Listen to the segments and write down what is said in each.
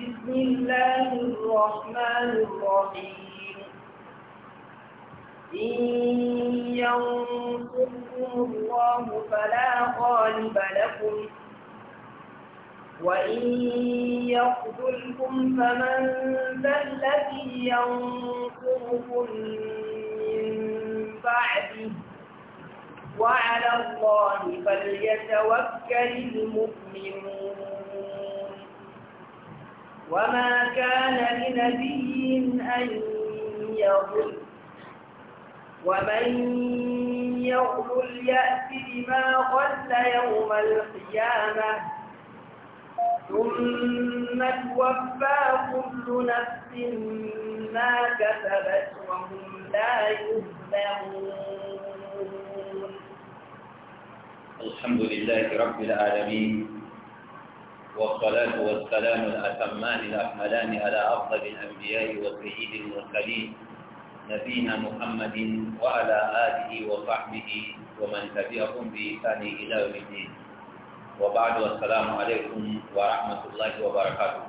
بسم الله الرحمن الرحيم إن ينصركم الله فلا غالب لكم وإن يقتلكم فمن ذا الذي ينصركم من بعده وعلى الله فليتوكل المؤمنون وما كان لنبي أن يغل ومن يغل يأت بما غل يوم القيامة ثم توفى كل نفس ما كسبت وهم لا يظلمون الحمد لله رب العالمين والصلاة والسلام الأتمان الأحملان على أفضل الأنبياء والسيد المرسلين نبينا محمد وعلى آله وصحبه ومن تبعهم بإحسان إلى يوم الدين وبعد والسلام عليكم ورحمة الله وبركاته.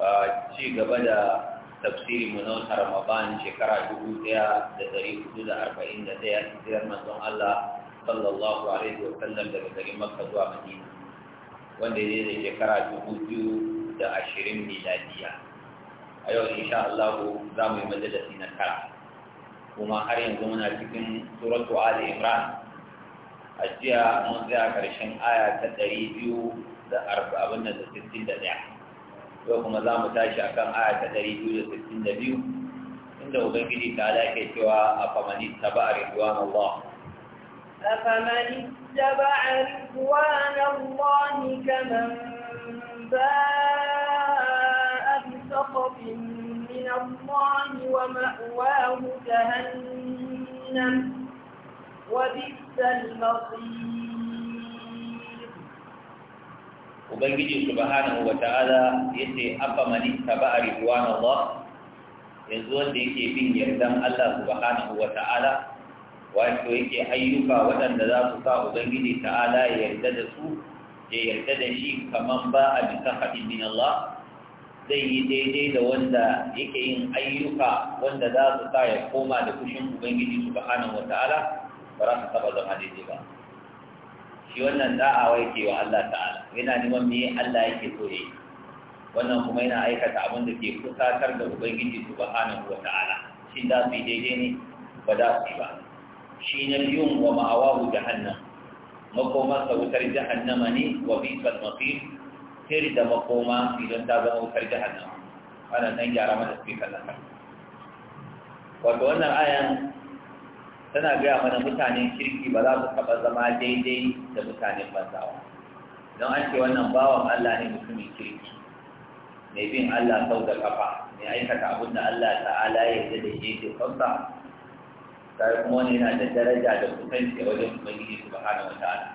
آه، شيء قبل tafsirin mu na Ramadan shekara 1441 hijirar manzon Allah sallallahu alaihi wa sallam daga garin Makka zuwa Madina wanda ya da shekara 2020 miladiya a yau insha Allah za mu yi majalisi na kara kuma har yanzu muna cikin suratu Ali Imran a jiya mun tsaya ƙarshen aya ta 200 da arba'in da 61 yau kuma za mu tashi a kan aya ta biyu da sittin da biyu inda ubangiji ta ala ke cewa a famani taba a ridwan allah أفمن اتبع رضوان الله كمن باء بسخط من الله ومأواه جهنم وبئس المصير ubangiji subhanahu wa ta'ala yace afa man ittaba ridwan Allah yanzu wanda yake bin yardan Allah subhanahu wa ta'ala wato yake ayyuka waɗanda za su sa ubangiji ta'ala ya yarda da su ya yarda da shi kaman ba a bisa haɗin min Allah zai yi daidai da wanda yake yin ayyuka wanda za su sa ya koma da kushin ubangiji subhanahu wa ta'ala ba za su taɓa zama daidai ba shi wannan za wai ke wa Allah ta'ala yana neman me Allah yake so yi. wannan kuma yana aikata abin da ke kusatar da ubangiji subhanahu wa ta'ala shin da su yi daidai ne ba za su yi ba shi na biyun wa ma'awahu jahannam makomarsa wutar jahannama ne wa bisal masir sai da makoma idan ta zama wutar jahannama ana nan gyara mana su kallon nan wato wannan ayan tana gaya mana mutanen kirki ba za su taɓa zama daidai da mutanen banzawa don an ce wannan bawan Allah ne mutumin kirki mai bin Allah sau da kafa mai aikata abin da Allah ta'ala ya yi da shi ke sauta sai kuma wani yana da daraja da kusanci a wajen ubangiji subhanahu wa ta'ala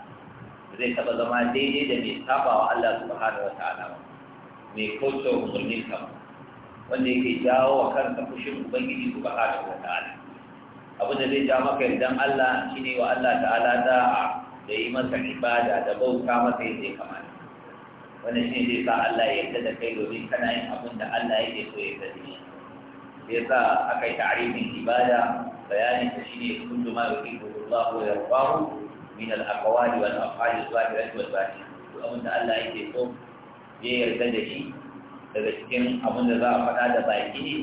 zai taɓa zama daidai da mai saba wa Allah subhanahu wa ta'ala mai kauce umarnin ka wanda yake jawo wa kansa fushin ubangiji subhanahu wa ta'ala abin da zai ja maka idan Allah shi ne wa Allah ta'ala da'a da yi masa ibada da bauta masa yadda ya kamata wannan ne zai sa Allah ya yarda da kai domin kana yin abin da Allah yake so ya yarda da shi yasa aka yi ta'arifin ibada bayanin ta shine kullu ma yuhibbu Allah wa yardahu min al-aqwali wal af'ali al-zahirati wal batinah duk abin da Allah yake so ya yarda da shi daga cikin abin da za a faɗa da baki ne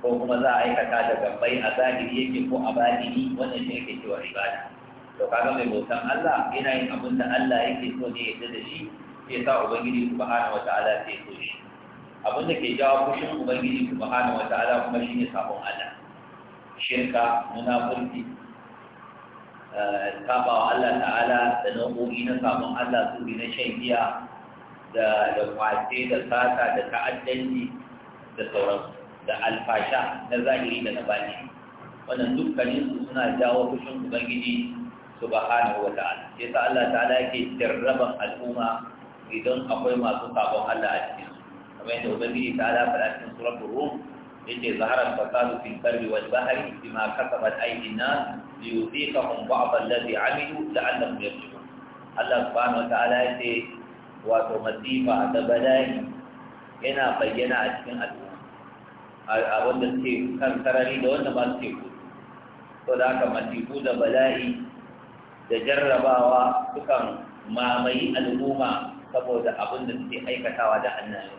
ko kuma za a aikata da gabbai a zahiri yake ko a batini wannan shi ake cewa ibada to kaga mai bautan Allah yana yin abin da Allah yake so ne ya da shi sai sa ubangiji subhanahu wataala sai so shi abin da ke jawo fushin ubangiji subhanahu wataala kuma shine sabon Allah shirka munafurci eh, saba wa Allah ta'ala da nau'o'i na sabon Allah su na shan giya da da kwace da sata da ta'addanci da sauransu da alfasha na zahiri da na bani wannan dukkanin su suna jawo fushin ubangiji subhanahu wata'ala sai sa Allah ta'ala yake jarraba al'umma idan akwai masu sabon Allah a cikin su kamar yadda ubangiji ta'ala fara cikin suratul rum yace zahara fasadu fil barri wal bahri bima kasabat aydin nas liyuziqahum ba'd alladhi 'amilu la'allahum yarji'un Allah subhanahu wata'ala yace wato masifa da bala'i yana bayyana a cikin al'umma a wanda suke kan sarari da wanda ba suke kudu to da aka matiku da bala'i da jarrabawa sukan mamayi al'umma saboda abin da suke aikatawa da annabi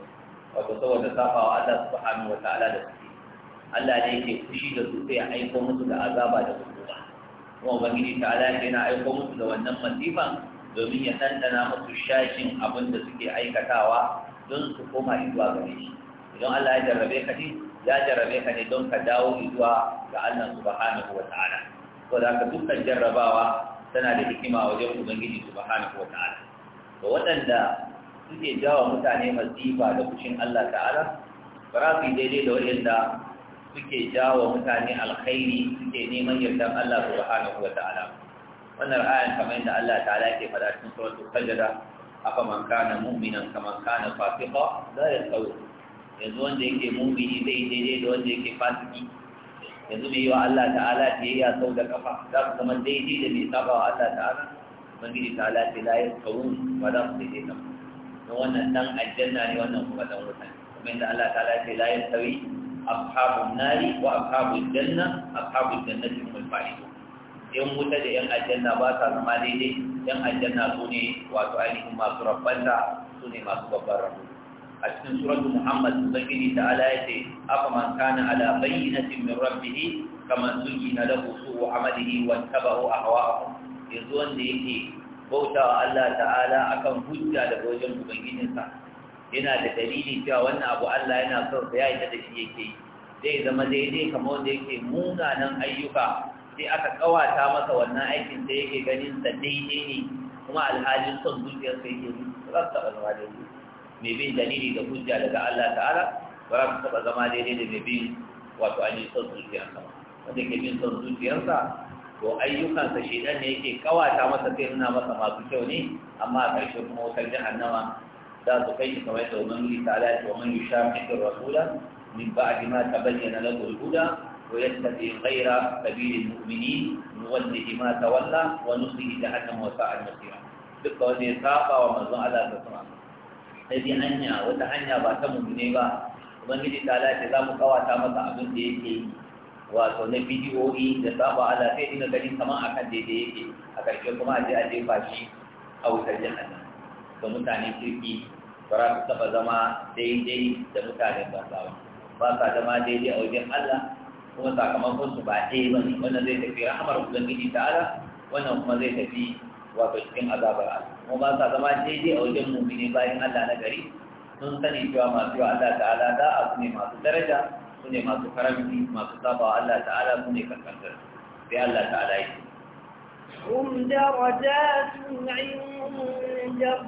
wato saboda safawa Allah subhanahu wa ta'ala da suke Allah ne yake fushi da su sai ya aiko musu da azaba da hukuma kuma ubangiji ta'ala na aiko musu da wannan masifa domin ya dandana musu shashin abin da suke aikatawa don su koma zuwa gare shi idan Allah ya jarrabe ka din ya jarabe ka ne don ka dawo zuwa ga Allah subhanahu wa ta'ala da ka dukkan jarrabawa tana da hikima wajen ubangiji subhanahu wa ta'ala to waɗanda suke jawa mutane masifa da kushin Allah ta'ala ba su daidai da waɗanda suke jawa mutane alkhairi suke neman yardan Allah subhanahu wa ta'ala wannan ayan kamar yadda Allah ta'ala ke faɗa cikin suratul fajr afa man kana mu'minan kaman kana fasiqa la yasawun yanzu wanda yake mumini zai yi daidai da wanda yake fasiki yanzu mai yi wa Allah ta'ala ta yi sau da kafa za su zama daidai da mai saba wa Allah ta'ala ubangiji ta'ala ta la yasawun ba za su daidai ta don wannan dan aljanna ne wannan kuma dan wuta kuma yanzu Allah ta'ala ta la yasawi ashabun nari wa ashabul janna ashabul jannati hum al-faizun yan wuta da yan aljanna ba sa zama daidai yan aljanna su ne wato ainihin masu rabbanta su ne masu babbar rabu a cikin suratu Muhammad Ubangiji ta'ala ya ce afa man kana ala bayyinatin min rabbih kaman zuyina lahu su'u amalihi wa tabahu yanzu wanda yake bautawa Allah ta'ala akan hujja daga wajen ubangijinsa yana da dalili cewa wannan abu Allah yana son sa yayi da shi yake yi zai zama daidai kamar wanda yake munanan ayyuka sai aka kawata masa wannan aikin da yake ganin sa daidai ne kuma alhalin son zuciyarsa yake yi ba su zama daidai mai bin dalili da hujja daga Allah ta'ala ba za su taɓa zama daidai da mai bin wato ainihin son zuciyarsa wanda ke bin son zuciyarsa to ayyukansa shedan ne yake kawata masa sai nuna masa masu kyau ne amma a ƙarshe kuma wutar jahannama za su kai shi kamar yadda ubangiji ta ala ce wa man yushaqiqir rasula min ba'di ma tabayyana lahu al-huda wa yattabi ghayra sabili al-mu'minin nuwallihi ma tawalla wa nuslihi jahannama wa sa'at masira da wanda ya saba wa manzon Allah sallallahu alaihi sai bi hanya wata hanya ba ta mummune ba ubangiji ta lafi za mu kawata masa abin da yake wato na bidiyoyi da saba ala sai dinga gani sama akan daidai yake a ƙarshe kuma a je a jefa shi a wutar jahannam da mutane kirki ba su taɓa zama daidai da mutane sa ba ba sa zama daidai a wajen Allah kuma sakamakon su ba ɗaya ba ne wannan zai tafi rahamar ubangiji ta'ala wannan kuma zai tafi wato cikin azabar Allah kuma ba sa zama daidai a wajen mumini bayan Allah na gari sun sani cewa masu yi Allah ta'ala da a su ne masu daraja su ne masu karamci masu saba wa Allah ta'ala su ne kankantar sai Allah ta'ala yi هم درجات عند الله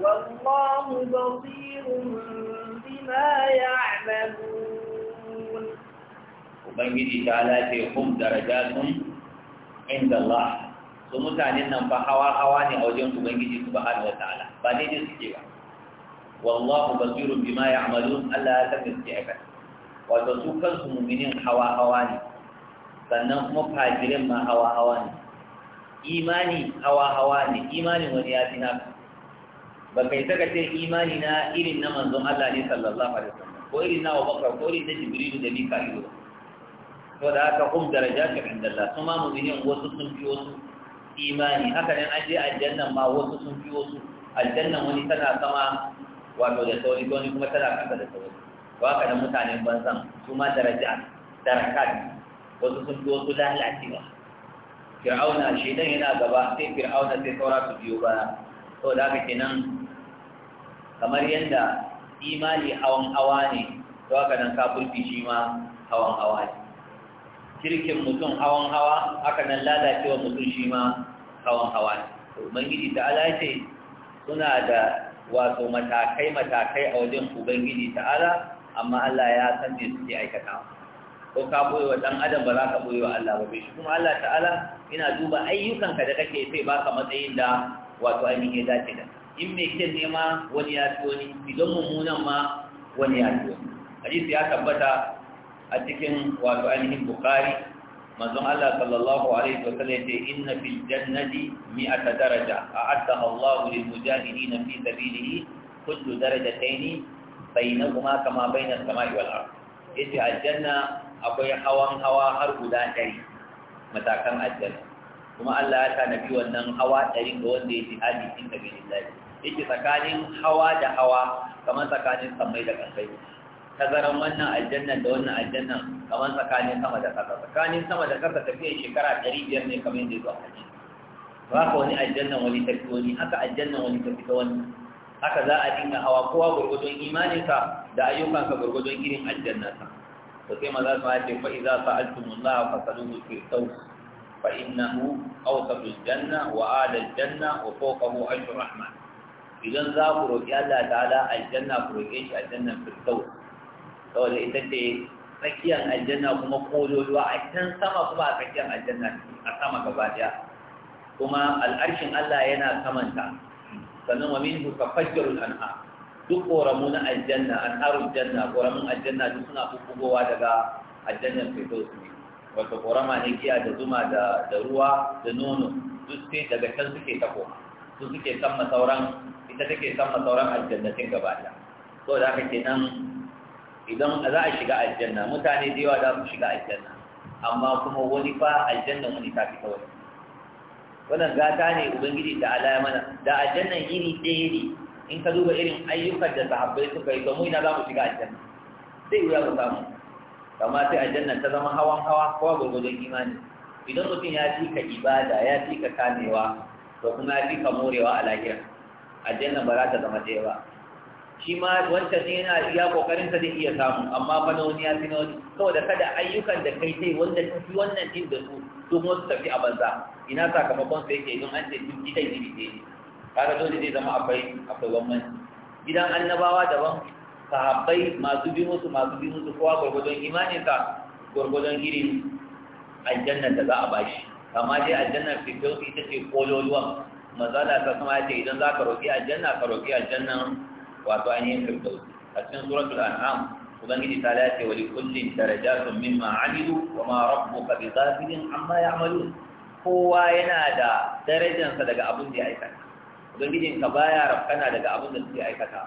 والله بصير بما يعملون وبنجي تعالى هم درجات inda Allah su mutanen nan fa hawa hawa ne a wajen ubangiji subhanahu su ba daidai suke ba wallahu basirun bima ya'malun Allah ya san suke aikata wato su kansu muminin hawa hawa ne sannan kuma fajirin ma hawa hawa ne imani hawa hawa ne imanin wani ya fi naka ba kai saka ce imani na irin na manzon Allah ne sallallahu alaihi wasallam ko irin na Abubakar ko irin na Jibril da Mika'il ba to da haka hum darajatun indallah su ma mu'minin wasu sun fi wasu imani haka nan an je aljanna ma wasu sun fi wasu aljanna wani tana sama wato da sauri wani kuma tana kasa da sauri to haka da mutanen banzan su ma daraja darakat wasu sun fi wasu lalacewa fir'auna shaidan yana gaba sai fir'auna sai saura su biyo ba. to da haka kenan kamar yadda imani hawan hawa ne to haka nan kafirci shi ma hawan hawa ne kirkin mutum hawan hawa haka nan lalacewa mutum shi ma hawan hawa ne to ubangiji ta'ala ce suna da wato matakai matakai a wajen ubangiji ta'ala amma Allah ya san me suke aikata. ko ka boye wa dan adam ba za ka boye wa Allah ba shi kuma Allah ta'ala ina duba ayyukanka da kake sai baka matsayin da wato ainihin ya dace da in mai kyan nema wani ya ci wani idan mummunan ma wani ya ci wani hadisi ya tabbata a cikin wato ainihin bukari manzon Allah sallallahu alaihi wa sallam yace inna fil jannati mi'ata daraja a'addaha Allahu lil mujahidin fi sabilihi kullu darajatayn kuma kama baina as-sama'i wal ard yace aljanna akwai hawan hawa har guda ɗari, matakan aljanna kuma Allah ya tanabi wannan hawa ɗari ga wanda yake hadi fi sabilillah yake tsakanin hawa da hawa kamar tsakanin sammai da kasai tazaran wannan aljannan da wannan aljannan kamar tsakanin sama da ƙasa tsakanin sama da ƙasa tafiyan shekara ɗari biyar ne kamar yadda zuwa hajji Ba ka wani aljannan wani tafi wani haka aljannan wani tafi ta wani haka za a dinga hawa kowa gurgudun imaninsa da ayyukansa gurgudun irin aljanna aljannansa to sai maza su ce fa iza sa'altumullaha fasaluhu firdaus fa innahu awsatu aljanna wa ala aljanna wa fawqahu ashru rahman idan za ku roƙi Allah ta'ala aljanna ku roƙe shi aljannan firdaus saboda ita ce tsakiyar aljanna kuma kololuwa a can sama kuma a tsakiyar aljanna a sama gaba daya kuma al'arshin Allah yana samanta sannan wa minhu tafajjarul anha duk koramu na aljanna anharul janna koramun aljanna duk suna bubbugowa daga aljannan firdaus ne wato korama ne giya da zuma da da ruwa da nono duk sai daga can suke tako su suke sama sauran ita take sama sauran aljannatin gaba daya saboda haka kenan idan za a shiga aljanna mutane da yawa za su shiga aljanna amma kuma wani fa aljanna wani ta fi wani wannan gata ne ubangiji da ala mana da aljanna iri ɗaya ne in ka duba irin ayyukan da sahabbai suka yi domin ina za mu shiga aljanna sai wuya ku samu amma sai aljanna ta zama hawan hawa kowa gwargwadon imani idan mutum ya fi ka ibada ya fi ka kamewa to kuma ya fi ka morewa a lahira aljanna ba za ta zama ɗaya ba shi ma wanda ne yana iya kokarin sa zai iya samu amma fa na wani ya fi na wani saboda kada ayyukan da kai sai wanda shi wannan din da su su kuma su tafi a banza ina sakamakon sai ke don an ce duk gidan iri ne kaga dole zai zama akwai akwai wannan gidan annabawa daban sahabbai masu bi musu masu bi musu kowa gwargwadon imanin ka gwargwadon irin aljannar da za a bashi amma dai aljannar firdausi ita ce kololuwan manzala ta sama ya ce idan za ka roƙi aljanna ka roƙi aljannan wato ainihin firdaus a cikin suratul an'am ubangiji ta lace wa likullin darajatun mimma amilu wa ma rabbuka bi ghafilin amma ya'malun kowa yana da darajarsa daga abin da ya aikata ubangijin ka baya rafkana daga abin da suke aikata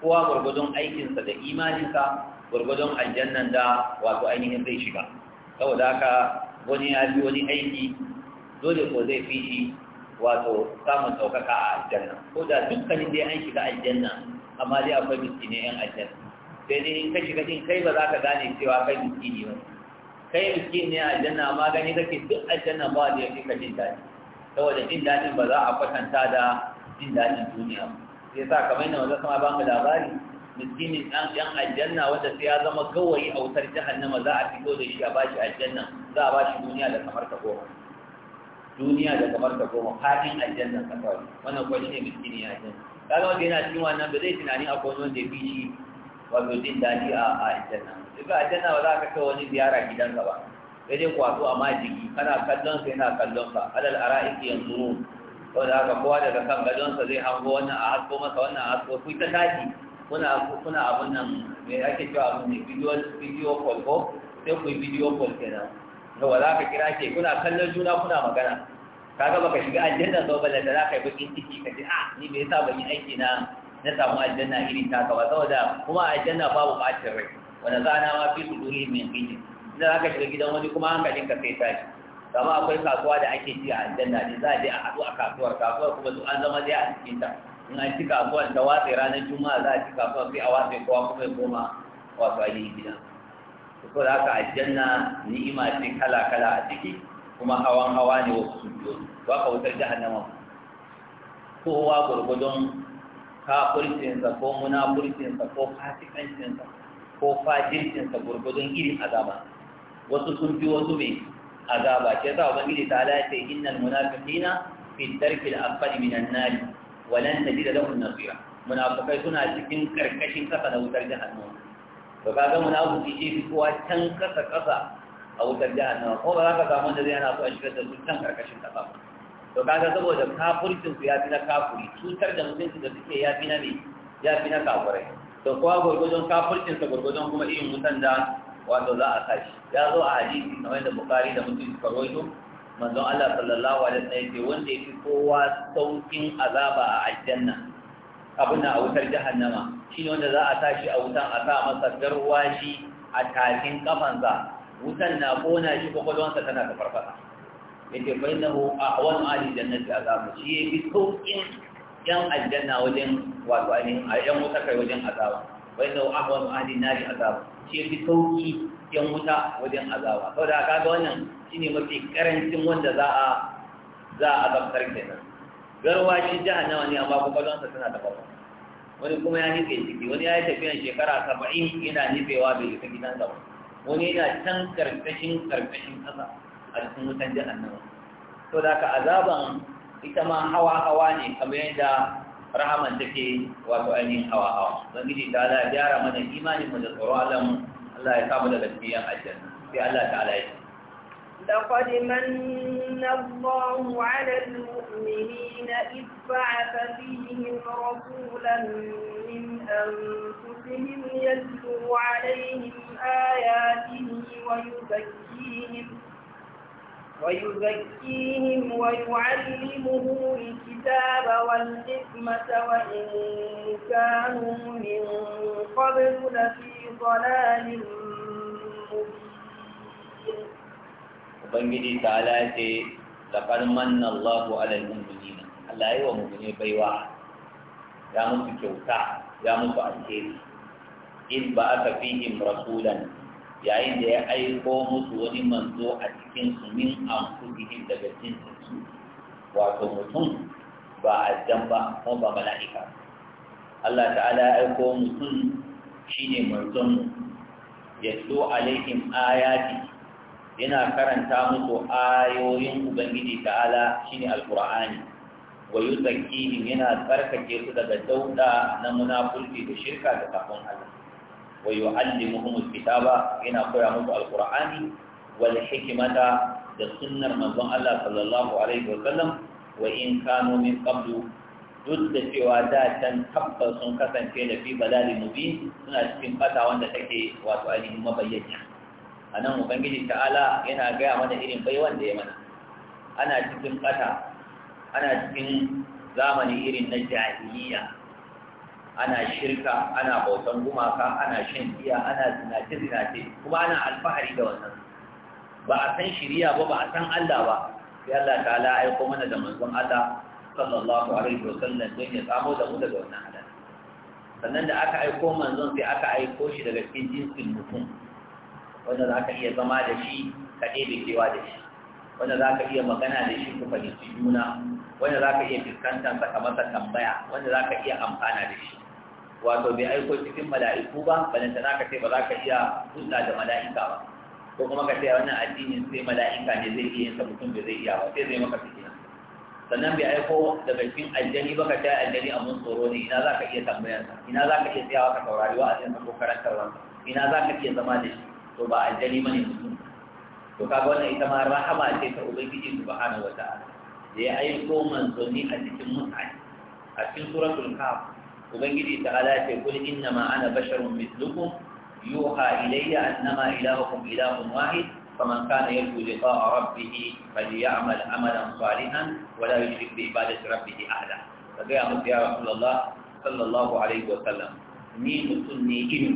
kowa gwargwadon aikinsa da imaninsa gurgudun aljannan da wato ainihin zai shiga saboda haka wani ya bi wani aiki dole ko zai fi shi wato samun ɗaukaka a aljanna ko da dukkanin dai an shiga aljanna amma dai akwai miskinai yan aljanna sai dai in ka shiga din kai ba za ka gane cewa kai miskini ba kai miskini ne a aljanna amma gani kake duk aljanna ba da yake ka jin daɗi saboda jin daɗin ba za a kwatanta da jin daɗin duniya ba sai sa kamar yadda wanda sama ba mu labari miskinin ɗan ɗan aljanna wanda sai ya zama gawayi a wutar jahannama za a fito da shi a bashi aljanna za a bashi duniya da kamar ta goma duniya da kamar ta goma fadin aljanna ka kawai wannan kuwa shine miskini ya kaga wanda yana cikin wannan ba zai tunani a wani wanda ya fi shi wato jin daɗi a a aljanna duk a aljanna ba za ka kai wani ziyara gidanka ba sai dai kwato a jiki, kana kallon sa yana kallon ka alal ara'iki yanzuru wanda haka kowa daga kan gadonsa zai hango wannan a hasko masa wannan a hasko kun ta tashi kuna kuna abun nan me ake cewa abun ne video video call ko sai ku video call kenan to wala ka kira ke kuna kallon juna kuna magana kaga baka shiga aljanna ba balle da zaka yi bakin ciki ka ji a ah, ni me yasa ban yi aiki na na samu aljanna irin ka ba saboda kuma aljanna babu bacin rai wanda zana ma fi su duri min kiji idan zaka shiga gidan wani kuma hankalin ka sai tashi kama akwai kasuwa da ake ci a aljanna ne za a je a haɗu a kasuwar kasuwar kuma su an zama dai a cikin ta in an ci kasuwar ta watse ranar juma'a za a ci kasuwar sai a watse kowa kuma ya koma wato a gidan. gida. da haka aljanna ni'ima ce kala-kala a ciki kuma hawan hawa ne wasu sun biyo ba ka wutar jahannama kowa gurgudun kafircinsa ko munafurcinsa ko fasikancinsa ko fajircinsa gurgudun irin azaba wasu sun fi wasu mai azaba ke sa ubangiji ta alaƙa ce innal munafiqina fi darki al-asfali min an-nar wa lan tajida lahum nasira munafiqai suna cikin karkashin kasa na wutar jahannama to kaga munafiki shi fi kowa can kasa kasa a wutar jahannama ko ba za ka samu da zai ana so a shiga da su can karkashin kasa to kaga saboda kafurcin su ya fi na kafuri cutar da mutunci da suke ya fi na ne ya fi na kafurai to kowa gurgudun kafurcin sa gurgudun kuma irin mutan da wato za a kashi ya zo a hadisi kamar da bukari da mutum suka rawaito manzo Allah sallallahu alaihi wasallam yake wanda yake kowa saukin azaba a aljanna abin a wutar jahannama shine wanda za a tashi a wutan a sa masa garwashi a tafin kafansa wutan na kona shi kwakwalwansa tana ta farfasa yake bai na ahwan ali jannati azabu shi ya fi sauƙin yan aljanna wajen wato ainihin a yan wuta kai wajen azaba bai na ahwan ali shi azabu shi ya fi sauƙi yan wuta wajen azaba sau da kaga wannan shine mafi karancin wanda za a za a azabtar kenan garwa shi jahannama ne amma kwakwalwansa tana ta farfasa wani kuma ya nufe ciki wani ya yi tafiyan shekara saba'in yana nufewa bai ta gidan gaba wani yana can karkashin karkashin ƙasa a cikin wutan jahannama to da ka azaban ita ma hawa hawa ne kamar yadda rahaman take wato ainihin hawa hawa gidi ta ala gyara mana imanin mu da tsoro alamu Allah ya samu da gaskiyan aljanna sai Allah ta ala ya لقد من الله على المؤمنين إذ بعث فيهم رسولا من أنفسهم ربهم يزلو عليهم آياته ويذكيهم ويذكيهم ويعلمهم الكتاب والحكمة وإن كانوا من قبل لفي ضلال Ubangiji ta halace, Taƙar manna Allahu alaihun mulina, Allah yi wa mummune baiwa, ya mutu kyauta, ya mutu alheri, in ba aka fi fihim rasulan yayin da ya aiko musu wani manzo a cikin su min anfusihim daga jinsin su wato mutum ba azan ba ko ba mala'ika Allah ta'ala ya aiko mutum shine manzon yatlu alaihim ayati yana karanta musu ayoyin ubangiji ta'ala shine alqur'ani wa yuzakkihim yana tsarkake su daga dauda na munafurci da shirka da kafin Allah wa yu'allimuhum alkitaba yana koya al alqur'ani wal hikimata da sunnar manzon Allah sallallahu alaihi wa sallam wa in kanu duk da cewa da can tabbas sun kasance da fi balalin mubin suna cikin fata wanda take wato ainihin mabayyana anan ubangiji ta'ala yana gaya mana irin baiwan da ya ana cikin ana cikin zamani irin na jahiliya ana shirka ana bautan gumaka ana shan giya ana zinace zinace kuma ana alfahari da wannan ba a san shiriya ba ba a san Allah ba sai Allah ta'ala ya aiko mana da manzon Allah sallallahu alaihi wasallam don ya tsamo da mu daga wannan halal sannan da aka aiko manzon sai aka aiko shi daga cikin jinsin mutum wanda za ka iya zama da shi ka ɗebe cewa da shi wanda za ka iya magana da shi ku fahimci juna wanda za ka iya fuskantar ka masa tambaya wanda za ka iya amfana da shi wato bai aiko cikin mala'iku ba balanta na ka ce ba za ka iya hulɗa da mala'ika ba ko kuma ka ce wannan addinin sai mala'ika ne zai iya yin mutum bai zai iya ba sai zai maka fitina sannan bai aiko daga cikin aljani ba ka ce aljani a mun tsoro ne ina za ka iya tambayarsa ina za ka iya tsayawa ka saurari wa'azin ko karantar wanka, ina za ka iya zama da shi to ba aljani ba ne mutum to kaga wannan ita ma rahama ce ta ubangiji subhanahu wataala da ya aiko manzanni a cikin mutane a cikin suratul kaf ubangiji ta ala ce kul inna ma ana basharun mislukum yuha ilayya annama ilahukum فمن كان يرجو لقاء ربه فليعمل عملا صالحا ولا يشرك بعبادة ربه أحدا فقال يا رسول الله صلى الله عليه وسلم ني مسني إن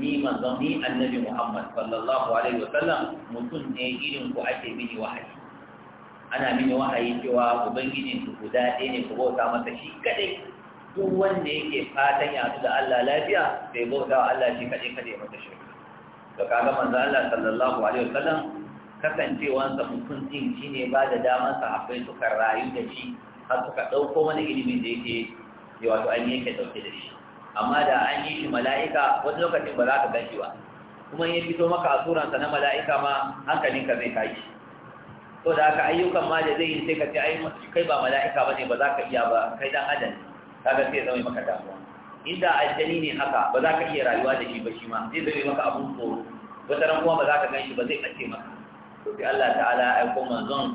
ني مظني النبي محمد صلى الله عليه وسلم مسني إن كأتي مني وحي أنا من وحي سوى أبنجي كبدا ديني كبوتا متشي كدي duk wanda yake fatan ya da Allah lafiya bai bauta wa Allah shi kaɗai kaɗai mata shirka to kaga manzo Allah sallallahu alaihi wasallam kasancewansa mutum din shine ba da daman sahabbai suka rayu da shi har suka ɗauko wani ilimin da yake ya wato an yake ɗauke da shi amma da an yi shi mala'ika wani lokacin ba za ka gan ba kuma ya fito maka a sa na mala'ika ma hankalin ka zai tashi to da haka ayyukan ma da zai yi sai ka ce ai kai ba mala'ika ba ne ba za ka iya ba kai dan adam kaga sai zama maka damuwa inda aljani ne haka ba za ka iya rayuwa da shi ba shi ma zai zama maka abun tsoro wata ran kuma ba za ka gan shi ba zai ɓace maka to sai Allah ta'ala ya aiko manzon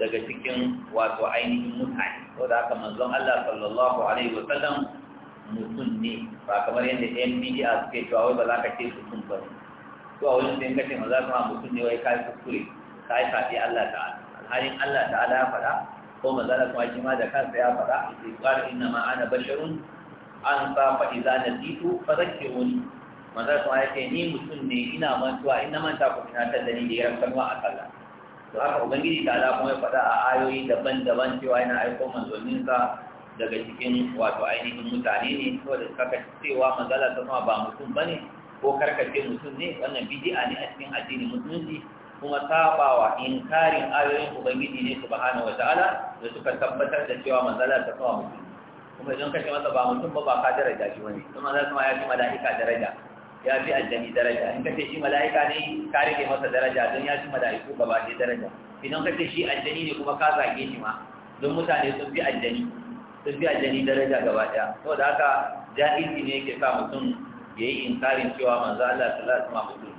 daga cikin wato ainihin mutane ko da haka manzon Allah sallallahu alaihi wa sallam mutum ne ba kamar yadda yan bidiya suke cewa wai ba za ka ce mutum ba ne to a wajen sai kace maza kuma mutum ne wai kai kuskure yi fadi Allah ta'ala alhalin Allah ta'ala ya faɗa ko manzala kuma shi ma da kansa ya faɗa sai qala inna ma ana basharun an fa fa zake wani fadhakkiruni manzala kuma yake ni mutum ne ina mantuwa ina manta ku ina ta dani da ya kanwa a kalla to haka ubangiji ta ala kuma ya faɗa a ayoyi daban-daban cewa yana aiko sa daga cikin wato ainihin mutane ne da kaka cewa manzala ta kuma ba mutum bane ko karkace mutum ne wannan bidi'a ne a cikin addinin musulunci kuma sabawa inkarin ayoyin ubangiji ne subhanahu wataala da suka tabbatar da cewa manzala ta kawo mutum kuma idan ka ce masa ba mutum ba ba ka daraja shi wani kuma manzala ma ya fi mala'ika daraja ya fi aljani daraja in ka ce shi mala'ika ne ka rike masa daraja don ya fi mala'iku ba ɗaya daraja idan ka ce shi aljani ne kuma ka zage shi ma don mutane sun fi aljani sun fi aljani daraja gaba ɗaya saboda haka jahilci ne yake sa mutum ya yi inkarin cewa manzala ta sallallahu alaihi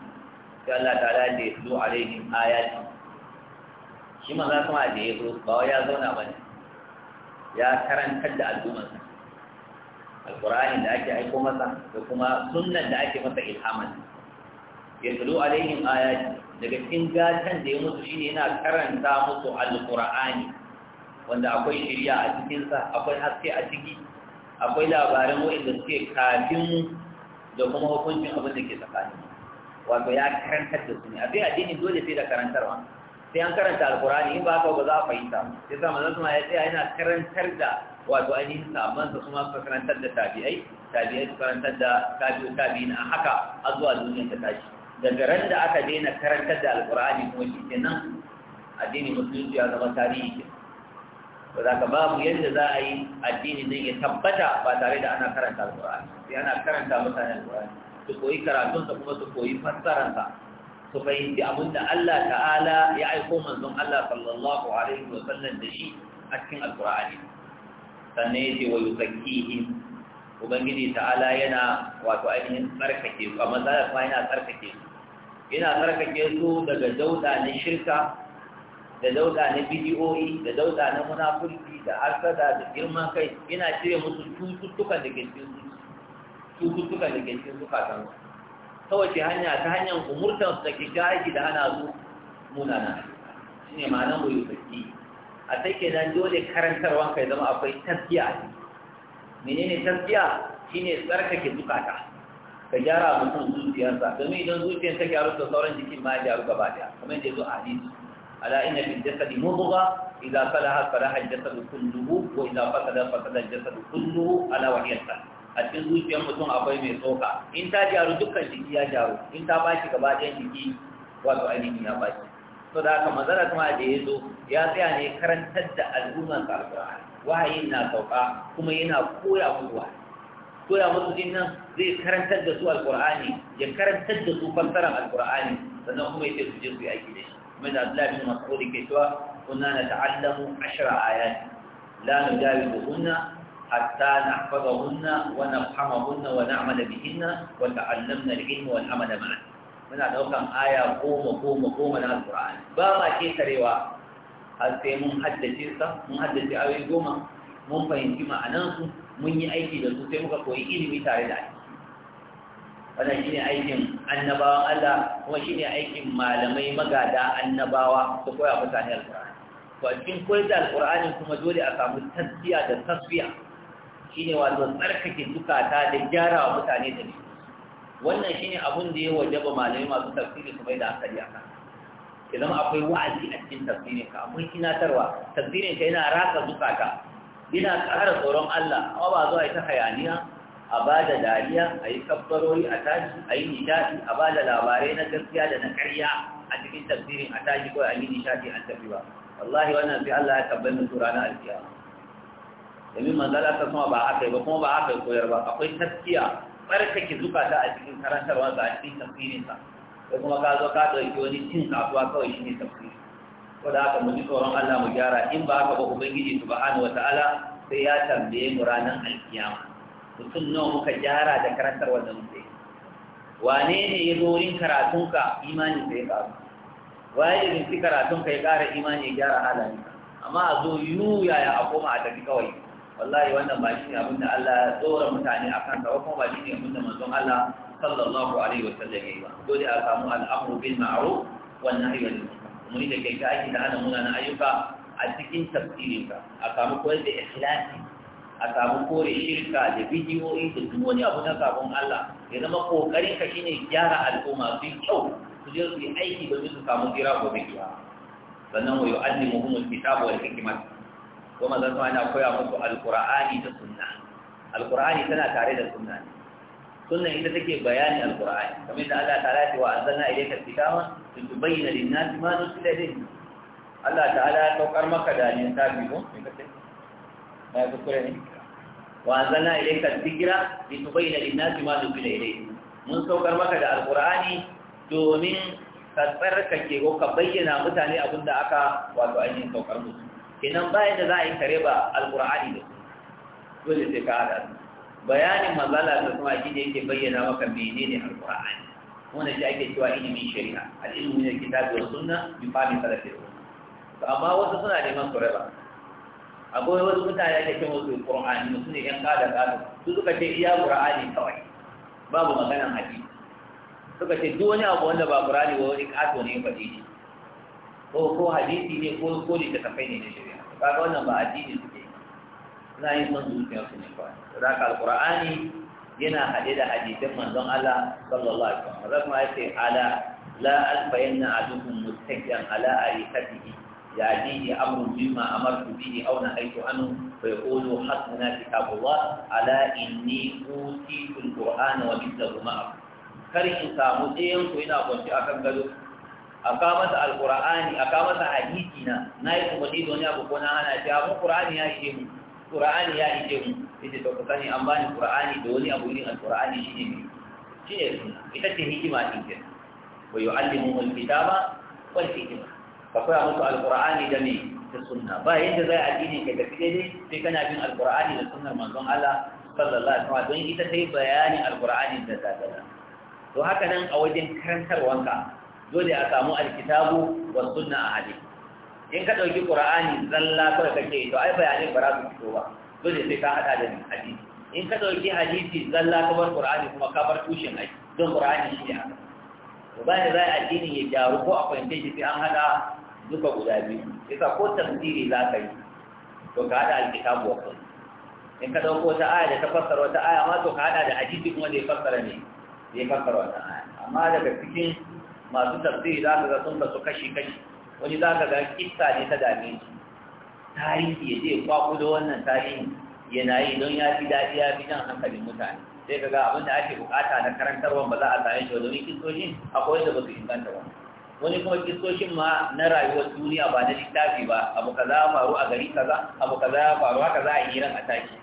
sai Allah ta'ala ya ce su alaihim ayati shi manzo kuma da ya ko ba ya zauna bane ya karantar da sa alkur'ani da ake aiko masa da kuma sunnan da ake masa ilhaman ya tulu alaihim ayati daga cikin gatan da ya mutu shine yana karanta musu alkur'ani wanda akwai shirya a cikin sa akwai haske a ciki akwai labaran wa'inda suke kafin da kuma hukuncin abin da ke tsakanin wato ya karantar da su ne abin addini dole sai da karantarwa sai an karanta alkurani in ba ka ba za a fahimta sai sa manzon kuma ya tsaya yana karantar da wato ainihin sabon su kuma suka karantar da tabi'ai tabi'ai su karantar da tabi'u tabi'i na haka a zuwa duniyar ta tashi daga ran da aka daina karantar da alkurani kuma shi nan addini musulunci ya zama tarihi ke ba za ka babu yadda za a yi addini zai ya tabbata ba tare da ana karanta alkurani Yana karanta mutane Qur'ani su koyi karatun sa kuma su koyi fassarar sa. su fahimci abinda Allah ta'ala ya aiko manzon Allah sallallahu alaihi wa sallam da shi a cikin qurani sannan yace wa yuzakkihim ubangiji ta'ala yana wato ainihin tsarkake su amma zai fa yana tsarkake su yana tsarkake su daga dauda na shirka da dauda na bidiyoyi da dauda na munafurci da hasada da girman kai yana cire musu cututtukan da ke cikin cututtuka da ke cikin zukatan su ta wace hanya ta hanyar umurtar su da ke gashi da hana su munana shi ne ma'ana mu yi zaki a ta ke nan dole karantarwa kai zama akwai tafiya menene tafiya tsarka tsarkake zukata ka gyara mutum zuciyarsa domin idan zuciyar ta gyaru da sauran jikin ma ya gyaru gaba daya kamar yadda zo a hadisi ala inna fil jasadi mudghah idza salaha salaha al-jasadu kulluhu wa idza fasada fasada al-jasadu kulluhu ala wa hiya a cikin zuciyar mutum akwai mai tsoka in ta jaru dukkan jiki ya jaru in ta bashi gaba ɗayan jiki wato ainihin ya bashi to da haka manzara kuma da ya zo ya tsaya ne karantar da al'umman sa alƙur'ani wahayin na sauka kuma yana koya musu wahayi koya musu din nan zai karantar da su alƙur'ani ya karantar da su fassarar alƙur'ani sannan kuma ya ce su je su yi aiki da shi kuma da Abdullahi bin Mas'ud ke cewa kunna nata'allamu ashra ayat la nujawizu kunna حتى نحفظهن ونفهمهن ونعمل بهن وتعلمنا العلم والعمل معا muna daukan aya goma goma goma na alkur'ani ba ma ke tarewa har sai mun haddace sa goma mun fahimci ma'anansu mun yi aiki da su sai muka koyi ilimi tare da aiki wannan shi aikin annabawan Allah kuma shi aikin malamai magada annabawa su koya mutane alkur'ani to a cikin kuma dole a samu tasfiya da tasfiya shine wato tsarkake zukata da gyara wa mutane da biyu wannan shine abin da ya wajaba malami masu tafsiri su mai da hankali a kan idan akwai wa'azi a cikin tafsirin ka akwai tunatarwa tafsirin ka yana raka zukata yana ƙara tsoron Allah amma ba zuwa ita hayaniya a ba da dariya a yi kabbarori a tashi a yi nishaɗi a ba da labarai na gaskiya da na ƙarya a cikin tafsirin a tashi ko a yi nishaɗi an tafi ba wallahi wannan sai Allah ya tabbatar da su ranar alkiyama domin manzala ta sama ba a haka ba kuma ba a haka koyar ba akwai taskiya tsarkake zukata a cikin karantarwa ba a cikin tafsirinsa ko kuma ka zo ka ɗauki wani cin kasuwa kawai shi ne tafsiri ko da aka mu tsoron Allah mu gyara in ba gidi ba ubangiji wata Ala, sai ya tambaye mu ranar alkiyama mutum nawa muka gyara da karantarwa da muke wane ne ya zo wurin karatunka imanin sai ya ƙaru waye irin ci karatunka ya ƙara imani ya gyara halayenka amma a zo yu yaya a koma a tafi kawai wallahi wannan ba shi ne abin Allah ya tsora mutane a kan sa kuma ba shi ne abinda da manzon Allah sallallahu alaihi wa sallam ya yi ba dole a samu al'amur bil ma'ruf wan nahyi anil munkar mun da kai kaki da hana munanan ayyuka a cikin tafsirin ka a samu koyar da ikhlasi a samu kore shirka da bidiyoyi da duk wani abu na sabon Allah ya zama kokarin ka shine gyara al'umma su yi kyau su je su yi aiki domin su samu jira gobe kiyama sannan wa yu'allimuhum al-kitaba wal hikmata kuma zan so ana koya musu alqur'ani da sunna alqur'ani tana tare da sunna ne sunna ita take bayani alqur'ani kamar da Allah ta'ala ya ce wa anzalna ilayka kitaba litubayyana lin-nasi ma nuzila ilayhim Allah ta'ala ya saukar maka da littafi ko na kuskure ne wa anzalna ilayka dhikra litubayyana lin-nasi ma nuzila ilayhim mun saukar maka da alqur'ani domin ka tsarkake ko ka bayyana mutane abin da aka wato ainihin saukar musu Inan bayan da za a yi kare ba alƙur'ani da dole sai ka haɗa bayanin mazala da kuma shi da yake bayyana maka menene alƙur'ani wannan shi ake cewa ilimin shari'a al'ilmu ne kitabi wa sunna bi fahmi salafin to amma wasu suna neman su raba akwai wasu mutane ake cewa su qur'ani su ne yan kada kada su suka ce iya qur'ani kawai babu maganan hadisi suka ce duk wani abu wanda ba qur'ani ba wani kato ne ya faɗi ko ko hadisi ne ko ko littattafai ne na shari'a kaga wannan ba addini suke suna yin son zuciyar su ne kawai da ka alqur'ani yana haɗe da hadisin manzon Allah sallallahu alaihi a zan ma yace ala la alfayanna adukum muttaqiyan ala arikatihi يأتيه أمر مما أمرت به أو نهيت عنه فيقول حسبنا كتاب الله ألا إني أوتيت القرآن ومثله معه kar in samu ɗayan ku ina a akan gado a ka masa alqur'ani a ka masa hadisi na nayi umarni da wani abu ko na hana shi amma qur'ani ya ishe mu qur'ani ya ishe mu Ita to ku sani an bani qur'ani da wani abu irin alqur'ani shi ne Shi ne sunna ita ce hikima din ke wa yu'allimuhum alkitaba wal hikima. ka koya musu alqur'ani da me da suna. ba yadda zai addini ka gaske ne, sai kana bin alqur'ani da sunnar manzon Allah sallallahu alaihi wasallam don ita ta sai bayani alqur'ani da sadaka to haka nan a wajen karantarwanka dole a samu alkitabu wa sunna a hadisi in ka ɗauki ƙura'ani zalla kawai kake to ai bayanin ba za su fito ba dole sai ka haɗa da hadisi in ka ɗauki hadisi zalla ka bar ƙura'ani kuma ka bar tushen ai don ƙura'ani shi ne haka to bayan za a addinin ya gyaru ko a fahimce shi sai an haɗa duka guda biyu yasa ko tafsiri za ka yi to ka haɗa alkitabu wa sunna in ka ɗauko wata aya da ta fassara wata aya ma to ka haɗa da hadisi kuma da ya fassara ne da ya fassara wata aya amma daga cikin masu tafsiri za ka ga sun su kashi-kashi wani za ka ga kissa ne ta dame shi tarihi ya je da wannan tarihi yana yi don ya fi daɗi ya fi jan hankalin mutane sai ka ga abin da ake bukata na karantarwa ba za a same shi domin kistoshin akwai da ba su inganta ba wani kuma kistoshin ma na rayuwar duniya ba na littafi ba abu kaza ya faru a gari kaza abu kaza ya faru haka za a yi ran a tashi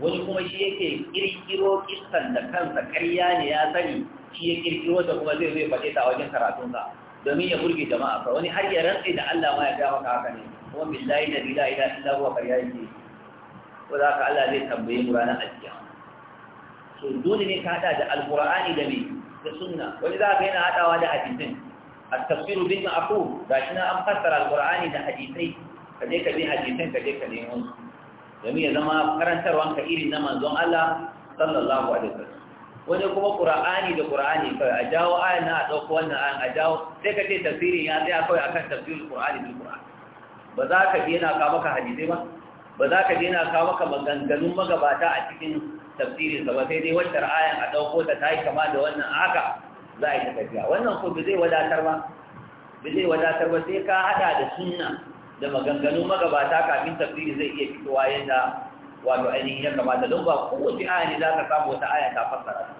wani kuma shi yake kirkiro kistan da kansa karya ne ya sani shi ya kirkiro da kuma zai zai faɗe ta wajen karatun ka. domin ya burge jama'a ka wani har ya rantse da Allah ma ya ga maka haka ne kuma billahi da bila ila illa huwa kariya yake ko za ka Allah zai tambaye mu ranar alkiyama to dole ne ka hada da alqur'ani da me da sunna wani za ka yana hadawa da hadisin at-tafsir bil ma'qul gashi na an fassara alqur'ani da hadisai ka je ka bi hadisin ka je ka nemo domin ya zama karantarwanka irin na manzon Allah sallallahu alaihi wasallam wani kuma qur'ani da qur'ani kai a jawo ayan na a dauko wannan ayan a jawo sai ka ce tafsirin ya tsaya kai akan tafsirin qur'ani bil qur'ani ba za ka je na ka maka hadisi ba ba za ka je na ka maka maganganun magabata a cikin tafsirin sa ba sai dai wata ayan a dauko ta tayi kama da wannan haka za a yi tafiya wannan ko bai wadatar ba bai wadatar ba sai ka hada da sunna da maganganun magabata kafin tafsiri zai iya fitowa yadda wato ainihin ya kamata don ba kowace aya ne za ka samu wata aya ta fassara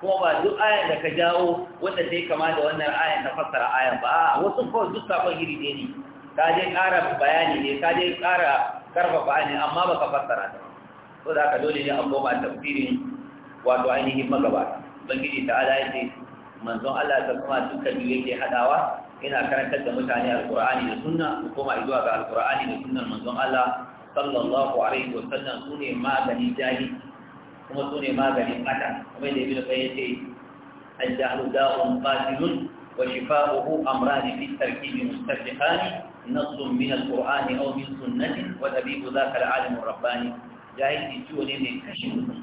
kuma ba duk ayan da ka jawo wanda ta kama da wannan ayan ta fassara ayan ba a wasu kawai duk sabon iri ne ne ka je ƙara bayani ne ka je ƙara ƙarfafa ne amma ba ka fassara ta so da haka dole ne a koma tafsirin wato ainihin magaba. ubangiji ta ala ya ce manzon allah ta kuma dukkan biyu yake haɗawa Ina karantar da mutane alƙur'ani da sunna ko koma zuwa ga alƙur'ani da sunnar manzon allah sallallahu alaihi wa sallam sune ne magani jahili kuma sune ne magani bata kuma da ibn qayyim ce al-jahlu da'un qatilun wa shifa'uhu amran fi tarkib mustafiqan نص من القرآن أو من سنة وتبيب ذاك العالم الرباني jahilci ciwo ne mai kashe mutum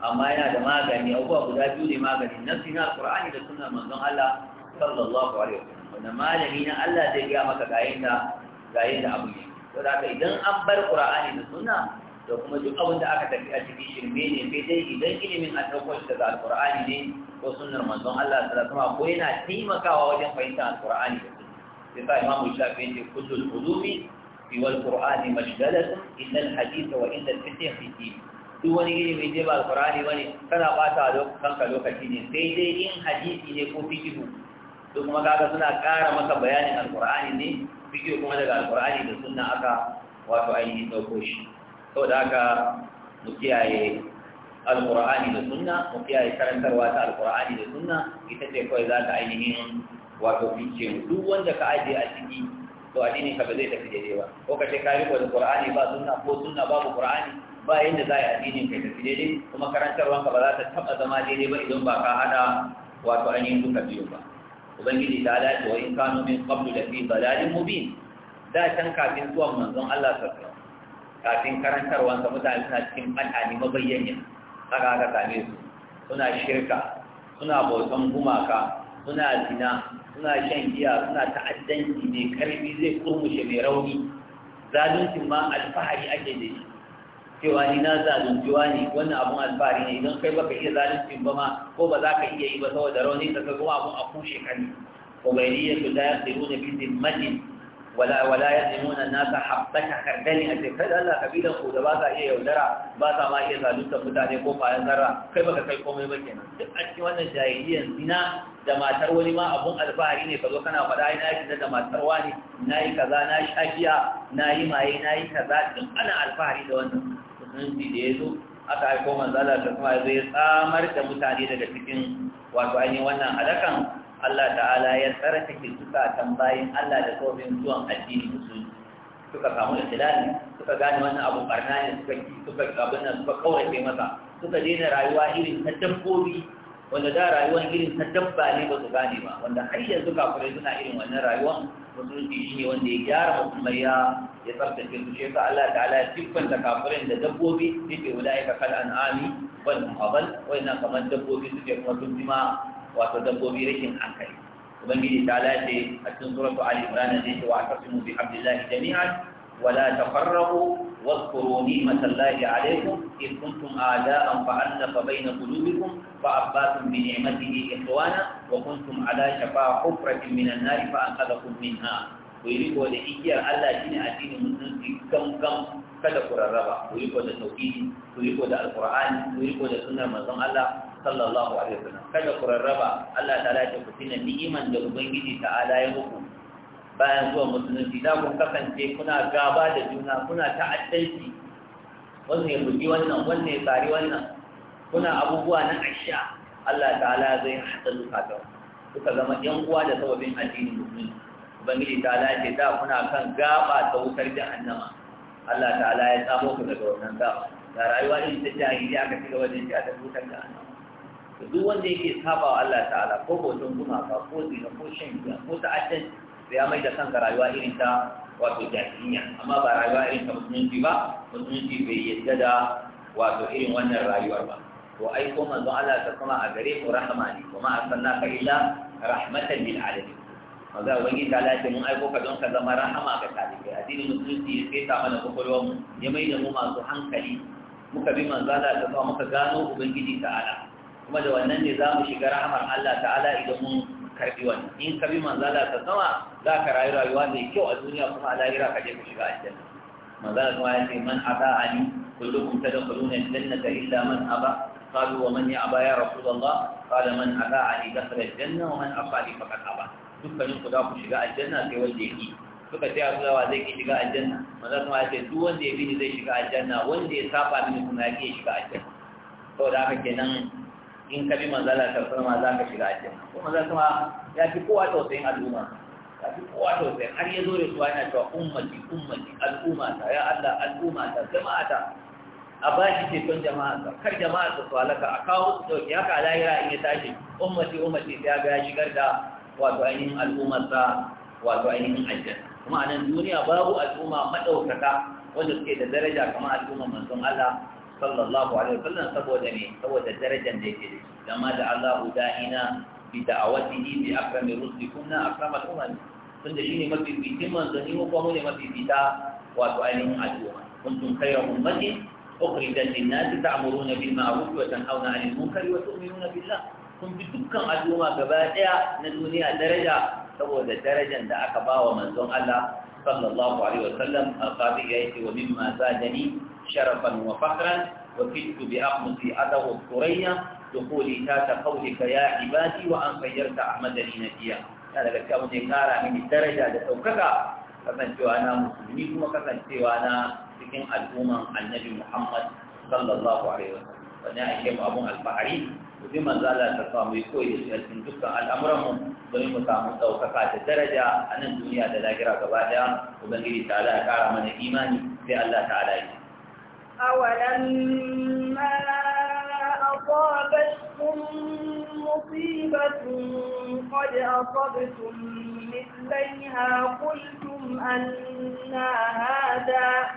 amma yana da magani abubuwa guda biyu ne magani na sina qur'ani da suna manzon Allah sallallahu alaihi wa sallam. wannan malami na Allah zai ga maka ga yanda ga yanda abu ne to da kai idan an bar qur'ani da sunna to kuma duk abin da aka tafi a cikin shirme ne sai dai idan ilimin an dauko shi daga ne ko sunnar manzon Allah sallallahu alaihi wasallam ko yana taimakawa wajen fahimtar alqur'ani da sunna sai sa imamu shafi ne kullul ulumi fi wal qur'ani majdalatun illa al hadith wa illa al fiqh fi duk wani ilimi dai ba alqur'ani bane kana bata kanka lokaci ne sai dai in hadisi ne ko fiqh to kuma kaga suna ƙara maka bayanin alqur'ani ne fikiyo kuma daga Alƙur'ani da sunna aka wato ainihin ɗauko shi Sau da haka mu kiyaye Alƙur'ani da sunna mu kiyaye karantarwa ta Alƙur'ani da sunna ita ce kawai za ta ainihin wato fice duk wanda ka ajiye a ciki to addinin ka ba zai tafi daidai ba ko ka ce ka riko da qur'ani ba sunna ko sunna babu ƙur'ani, ba yadda za a yi addinin ka tafi daidai kuma karantarwan ka ba za ta taba zama daidai ba idan ba ka haɗa wato ainihin duka biyu ba ubangiji ta dace wa in kanu min qablu la fi dalalin mubin da can kafin zuwan manzon Allah sallallahu alaihi wasallam kafin karantarwan sa mutane suna cikin bada mabayyanya mabayyana haka aka same su suna shirka suna bautan gumaka suna zina suna shan giya suna ta'addanci mai karfi zai kurmushe mai rauni zalunci ma alfahari ake da shi cewa ni na wa ne wannan abun alfahari ne idan kai baka iya zaluncin ba ma ko ba za ka iya yi ba saboda rauni ka kuma abun a kushe ka ne ubaidiyya su da yasiru na fi zimmatin wala wala yazimuna nasa habbata kardani a ce kai Allah kabilan ku da ba ka iya yaudara ba ka ma iya zalunta mutane ko bayan zarra kai baka kai komai ba kenan duk a cikin wannan jahiliyan zina da matar wani ma abun alfahari ne ka zo kana faɗa na yi da matar wani na yi kaza na yi shagiya na yi maye na yi kaza duk ana alfahari da wannan musulunci da ya zo aka haifo manzala da kuma zai samar ya da mutane daga cikin wato ainihin wannan halakan Allah ta'ala ya tsarkake zukatan bayan Allah da kofin zuwan addini musulmi suka samu ikhlali suka gane wannan abu barna ne suka suka abin nan suka kaurace masa suka daina rayuwa irin ta dabbobi wanda da rayuwar irin ta dabba ne ba su gane ba wanda har yanzu kafirai suna irin wannan rayuwar musulunci ne wanda ya gyara musulmai ya ya tsaftace su shi yasa Allah ta'ala ya siffanta kafirai da dabbobi yake wulaika kal an'ami wal muhabal wa inna kamar dabbobi suke kuma sun fi ma wato dabbobi rashin hankali ubangiji ta lace a cikin suratu ali imran ne cewa tasimu bi abdillahi jami'an wala tafarraqu واذكروا نعمة الله عليكم إذ كنتم أعداء فألف بين قلوبكم فأباكم بنعمته إخوانا وكنتم على شفا حفرة من النار فأنقذكم منها ويريكو لإيجير ألا دين أدين مسلمتي كم كم kada ku rarraba ku da tauhidi ku yi da alqur'ani ku da sunnar manzon Allah sallallahu alaihi wasallam kada ku rarraba Allah ta'ala ya ku tuna ni'iman da ubangiji ta'ala ya muku bayan zuwa musulunci da ku kasance kuna gaba da juna kuna ta'addanci wannan ya bugi wannan wannan ya tsari wannan kuna abubuwa na asha Allah ta'ala zai hada zukatan kuka zama yan uwa da sababin addinin musulunci ubangiji ta'ala ce da kuna kan gaba ta wutar jahannama Allah ta'ala ya tsamo ku daga wannan gaba da rayuwa in ta jahiliya aka ci gaba da shi a ta wutar jahannama da duk wanda yake saba wa Allah ta'ala ko botun gumaka ko zina ko shan giya ko ta'addan sai ya mai da kanka rayuwa irin ta wato jahiliya amma ba rayuwa irin ta musulunci ba musulunci bai yadda da wato irin wannan rayuwar ba to ai ko manzo Allah ta kuma a gare mu rahama ne kuma a arsalnaka illa rahmatan lil alamin maza wani ta lati mun aiko ka don ka zama rahama ga talibai addinin musulunci ya feta mana kwakwalwar mu ya mai da mu masu hankali muka bi manzo Allah ta kuma muka gano ubangiji ta'ala kuma da wannan ne za mu shiga rahamar Allah ta'ala idan mun karbi wannan in ka bi manzala ta sama za ka rayu rayuwa mai kyau a duniya kuma a lahira ka je ku shiga aljanna manzala kuma ya ce man ata ani kullukum tadkhuluna aljannata illa man aba قالوا ومن يأبى يا رسول الله قال من أباعني دخل الجنة ومن أباني فقد أبى dukkanin ku za ku shiga aljanna sai wanda ya yi suka ce a zuwa zai ki shiga aljanna manzo kuma ya ce duk wanda ya bi ni zai shiga aljanna wanda ya saba mini kuma ya ki shiga aljanna saboda haka kenan in ka bi manzala ta ma za ka shiga aljanna ko manzala kuma ya fi kowa tausayin al'umma ya fi kowa tausayin har ya zo da suwa yana cewa ummati ummati al'umma ta ya Allah al'umma ta jama'a ta a ba shi ceton jama'a ta kar jama'a ta laka a kawo su dauki haka lahira in ya tashi ummati ummati ta ga shigar da wato ainihin al'ummar ta wato ainihin ajiyar? kuma a nan duniya babu al'umma maɗaukaka wanda suke da daraja kamar al'ummar manzon Allah sallallahu alaihi wa wasallam saboda ne saboda darajar da yake da shi amma da Allahu da'ina bi da'awatihi bi akrami rusulikunna akramal umam tunda shine mafi bitin manzanni ko kuma ne mafi bita wato ainihin al'umma kuntum khayra ummatin ukhrijat lin-nasi ta'muruna bil ma'ruf wa tanhauna 'anil munkar wa tu'minuna billah kun bi dukkan al'umma gaba daya na duniya daraja saboda darajar da aka ba wa manzon Allah sallallahu alaihi wa wasallam alqabi yace wa mimma zadani شرفا وفخرا وكدت بأقمص أدو الثريا دخولي تات قولك يا عبادي وأن خيرت jiya. نبيا هذا لك أمني كارا من الدرجة لتوكك kasancewa na musulmi kuma kasancewa na cikin al'umman annabi Muhammad sallallahu alaihi wasallam wannan ake mu abun alfahari bi manzo Allah ta samu koyi da cikin dukkan al'amuran mu don mu samu saukaka da daraja a nan duniya da lahira gaba daya ubangiji ta Allah a kara mana imani sai Allah ta'ala ya أولما أصابتكم مصيبة قد أصبتم مثليها قلتم أن هذا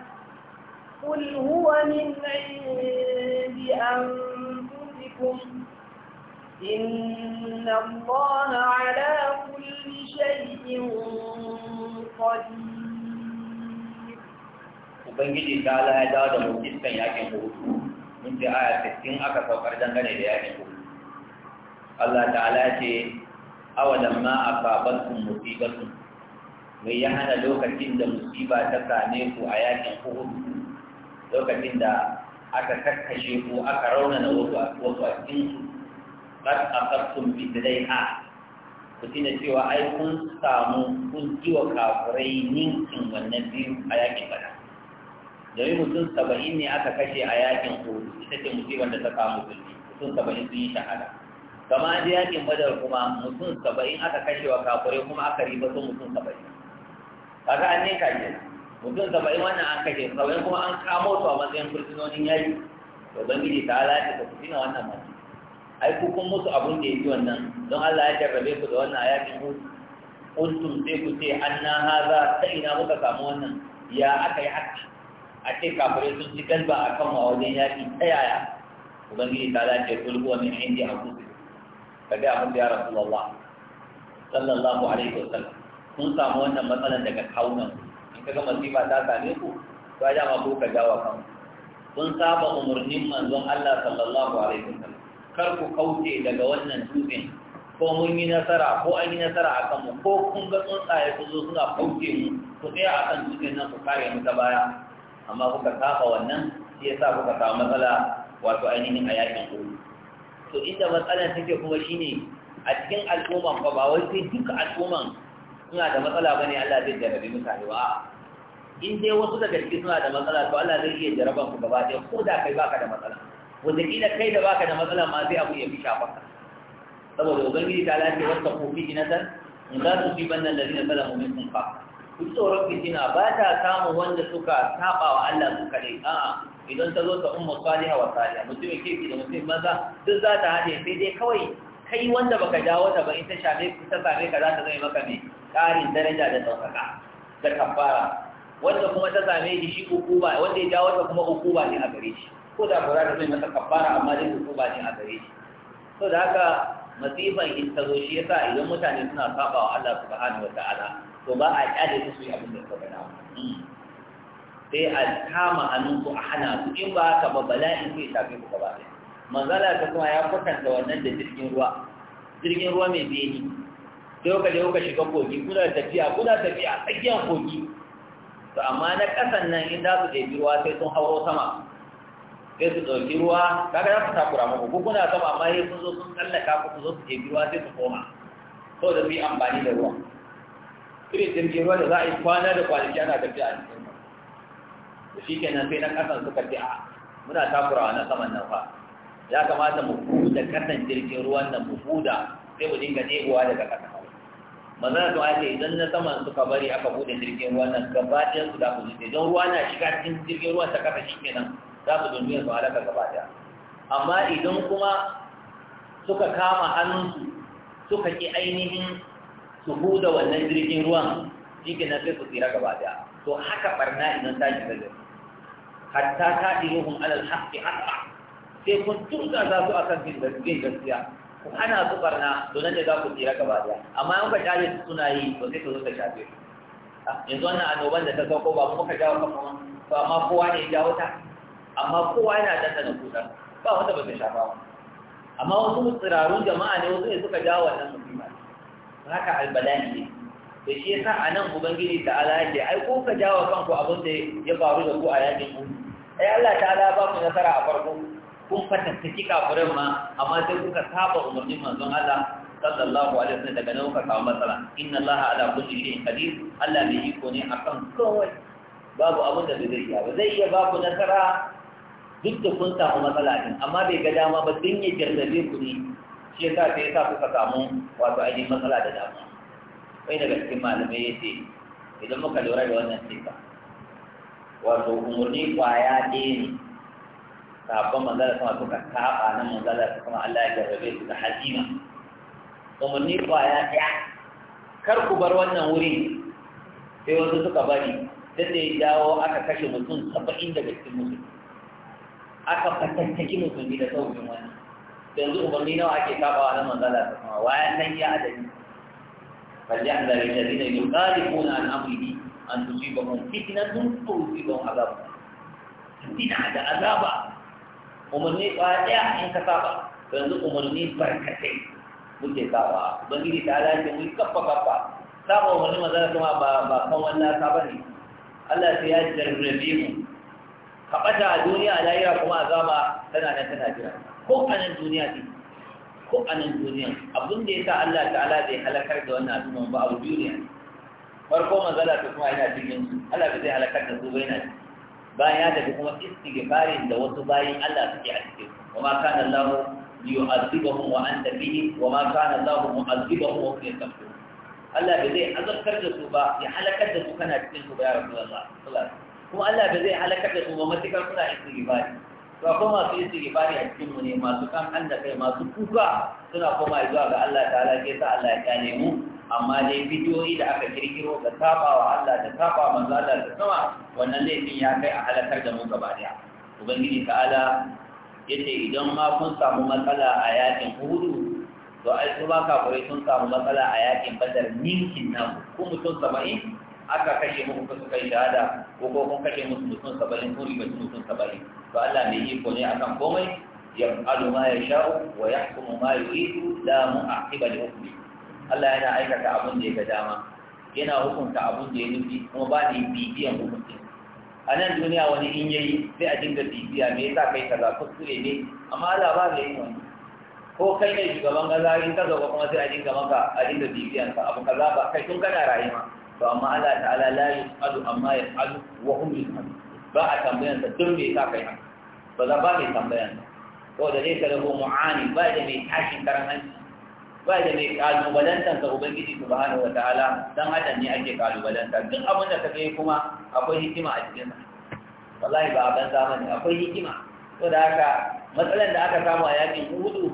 قل هو من عند أنفسكم إن الله على كل شيء قدير ubangiji ta ala ya dawo da mu iskan yakin hudu mun ce aya 60 aka saukar dangane da yakin hudu Allah ta'ala ce awalan ma asabatkum musibatun mai ya hana lokacin da musiba ta same ku a yakin hudu lokacin da aka kakkashe ku aka raunana wasu a cikin kad asabtum bi A. ku tina cewa ai kun samu kun jiwa kafirai ninkin wannan biyu a yakin bada domin mutum saba'in ne aka kashe a yakin uhud ita ce musibar da ta kama zulmi mutum saba'in sun yi shahada kama da yakin badar kuma mutum saba'in aka kashe wa kafure kuma aka riba sun mutum saba'in kaga an ne kaje mutum saba'in wannan an kashe saba'in kuma an kamo su a matsayin fursunonin yayi to gidi ta halata ta fitina wannan mace ai ku kun musu abun da ya ji wannan don Allah ya jarrabe ku da wannan a yakin uhud kuntum sai ku ce an na haza ta ina muka samu wannan ya aka yi haka a ce kafirai sun ci galba a kan a wajen yaƙi ta yaya ubangiji ta dace kulhuwa min indi a kusa ka ga abin da ya rasu lawa sallallahu alaihi wa sallam kun samu wannan matsalar daga kaunan in ka gama masifa ta same ku to ya ma ko ka jawa kan kun saba umarnin manzon Allah sallallahu alaihi wa sallam kar ku kauce daga wannan dutsen ko mun yi nasara ko an yi nasara a kanmu ko kun ga tsuntsaye su zo suna kauce mu ku tsaya a kan dutsen nan ku kare mu ta baya amma kuka saba wannan shi yasa kuka samu matsala wato ainihin a yakin uhud to inda matsalar take kuma shine a cikin al'umman ba ba wai sai duka al'umman suna da matsala bane Allah zai jarabi mutane ba in dai wasu daga cikin suna da matsala to Allah zai iya jaraban ku gaba ɗaya ko da kai baka da matsala wataƙila kai da baka da matsala ma zai abu ya fi shafarka saboda ubangiji ta lafiya wata kofi jinatan in za su fi bannan da zina salamu min sun fa duk tsoron fitina ba ta samun wanda suka saba wa Allah su kare a'a idan ta zo ta umma saliha wa saliha mutumin kirki da mutumin maza duk za ta haɗe sai dai kawai kai wanda baka dawo ta ba in ta ta same ka za ta zai maka mai ƙarin daraja da ɗaukaka da kafara wanda kuma ta same shi shi hukuma wanda ya dawo ta kuma hukuma ne a gare shi ko da ba za ta zai masa kafara amma dai hukuma ne a gare shi so da haka masifan in ta zo shi yasa idan mutane suna saba wa Allah subhanahu wa ta'ala to ba a kyale su su yi abin da suka gada sai a kama hannunsu a hana su in ba ka ba bala'in sai shafe ku gaba ɗaya manzala ta kuma ya kwatanta wannan da jirgin ruwa jirgin ruwa mai beni sai kuka je kuka shiga kogi kuna tafiya kuna tafiya a tsakiyar kogi to amma na ƙasan nan in za su ɗebi ruwa sai sun hauro sama sai su ɗauki ruwa kaga za su takura muku ko kuna sama amma sai sun zo sun tsallaka ku su zo su ɗebi ruwa sai su koma da su yi amfani da ruwa irin jirgin ruwa da za a yi kwana da kwanaki ana tafiya a cikin ba shi kenan sai na kasan suka ce a muna takurawa na saman nan fa ya kamata mu huda kasan jirgin ruwan nan mu huda sai mu dinga ɗebowa daga kasa manzana to ake idan na saman suka bari aka bude jirgin ruwan nan gaba ɗaya su da ku zuce don ruwa na shiga cikin jirgin ruwan ta kasa shi nan, za ku dundun su halaka gaba ɗaya amma idan kuma suka kama hannunsu suka ke ainihin su huda wannan jirgin ruwan jirgin ke sai su tsira gaba daya to haka barna idan ta shiga gari hatta ta iluhum alal haqqi haqa sai kun turka za su a kan bin gaskiya ku hana su barna to nan ne za ku tsira gaba daya amma in ka su suna yi ba sai ka zo ta shafe su ah, yanzu wannan annoban da ta sauko ba mu ka jawo kafa ba amma kowa ne ya jawo ta amma kowa yana dandana kuɗa ba wanda ba ta shafa amma wasu tsirarun jama'a ne wasu ne suka jawo wannan musulma haka albala'i ne da shi yasa a nan ubangiji ta ala ya ai ko ka jawo kanku abin da ya faru da ku a yakin ku ai Allah ta ala ba ku nasara a farko kun fatattaki kafirin ma amma sai kuka saba umarnin manzon Allah sallallahu alaihi wasallam daga nan kuka samu matsala inna Allah ala kulli shay'in qadir Allah mai iko ne akan kowai babu abin da zai iya ba zai iya ba ku nasara duk da kun samu matsala din amma bai ga dama ba din ya jarrabe ku ne shi yasa sai yasa kuka samu wato ainihin matsala da dama Wai daga cikin malamai ya ce idan muka lura da wannan sifa wato umarni kwaya ɗaya ne sabon manzala sama suka taɓa na manzala kuma Allah ya jarrabe su da hazima umarni kwaya ɗaya kar ku bar wannan wuri sai wasu suka bari da da ya dawo aka kashe mutum saba'in daga cikin mutum. aka fatattaki mutum da sauƙin wannan yanzu umarni nawa ake kafawa na manzala ta kuma wayan nan ya adadi an فليحذر الذين يخالفون عن امره ان تصيبهم فتنه او يصيبهم عذاب فتنه da azaba umarni ba ɗaya in ka saba yanzu umarni barkatai muke saba ubangiji ta ala ce kafa. kaffa kaffa saba umarni maza kuma ba ba kan wannan saba ne Allah sai ya jarrabe mu ka bata a duniya a lahira kuma azaba tana nan tana jira ko a nan duniya ce ko a nan duniya abin da ya sa Allah ta'ala zai halakar da wannan al'umma ba abu biyu ne farko manzala ta kuma yana cikin su Allah bai zai halakar da su bai na bayan ya tafi kuma istighfarin da wasu bayin Allah suke a cikin wa ma kana Allah yu'adhibuhum wa anta fihi wa ma kana Allah mu'adhibuhum wa anta fihi Allah bai zai azabtar da su ba ya halakar da su kana cikin su ba ya rasu Allah kuma Allah bai zai halakar da su ba matukar kuna istighfari To ba su masu yin bari a cikin mu ne masu kan an da kai masu kuka suna koma zuwa ga Allah ta'ala ke sa Allah ya gane mu amma dai bidiyoyi da aka kirkiro da saba wa Allah da saba manzo Allah da sama wannan laifin ya kai a halakar da mu gaba daya ubangiji ta'ala yace idan ma kun samu matsala a yakin hudu to ai su baka kafirai sun samu matsala a yakin badar ninkin nan ku mutum saba'in aka kashe muku ko kai shahada ko ko kun kashe musu mutum saba'in ko riba mutum saba'in to Allah mai iko ne akan komai alu ma ya sha'u wa yahkumu ma yuridu la mu'aqiba li hukmi Allah yana aikata abin da ya ga dama yana hukunta abin da ya nufi kuma ba ni bibiyan hukunci. a nan duniya wani in yayi sai a dinga bibiya me yasa kai kaza kuskure ne amma Allah ba zai yi wani ko kai ne shugaban gazari in ka zo kuma sai a dinga maka a dinga bibiyan ka abu kaza ba kai tun kana rayuwa Ba amma Allah ta'ala la yus'alu amma yaf'alu wa hum yus'alu ba a tambayan sa duk me yasa kai haka ba za ba mai tambayan sa ko da zai kalahu mu'ani ba da mai tashin karanci ba da mai kalubalantar sa ubangiji subhanahu wataala dan adam ne ake kalubalanta duk abin da kake kuma akwai hikima a cikin sa wallahi ba a ban zamani akwai hikima to da haka matsalar da aka samu a yakin hudu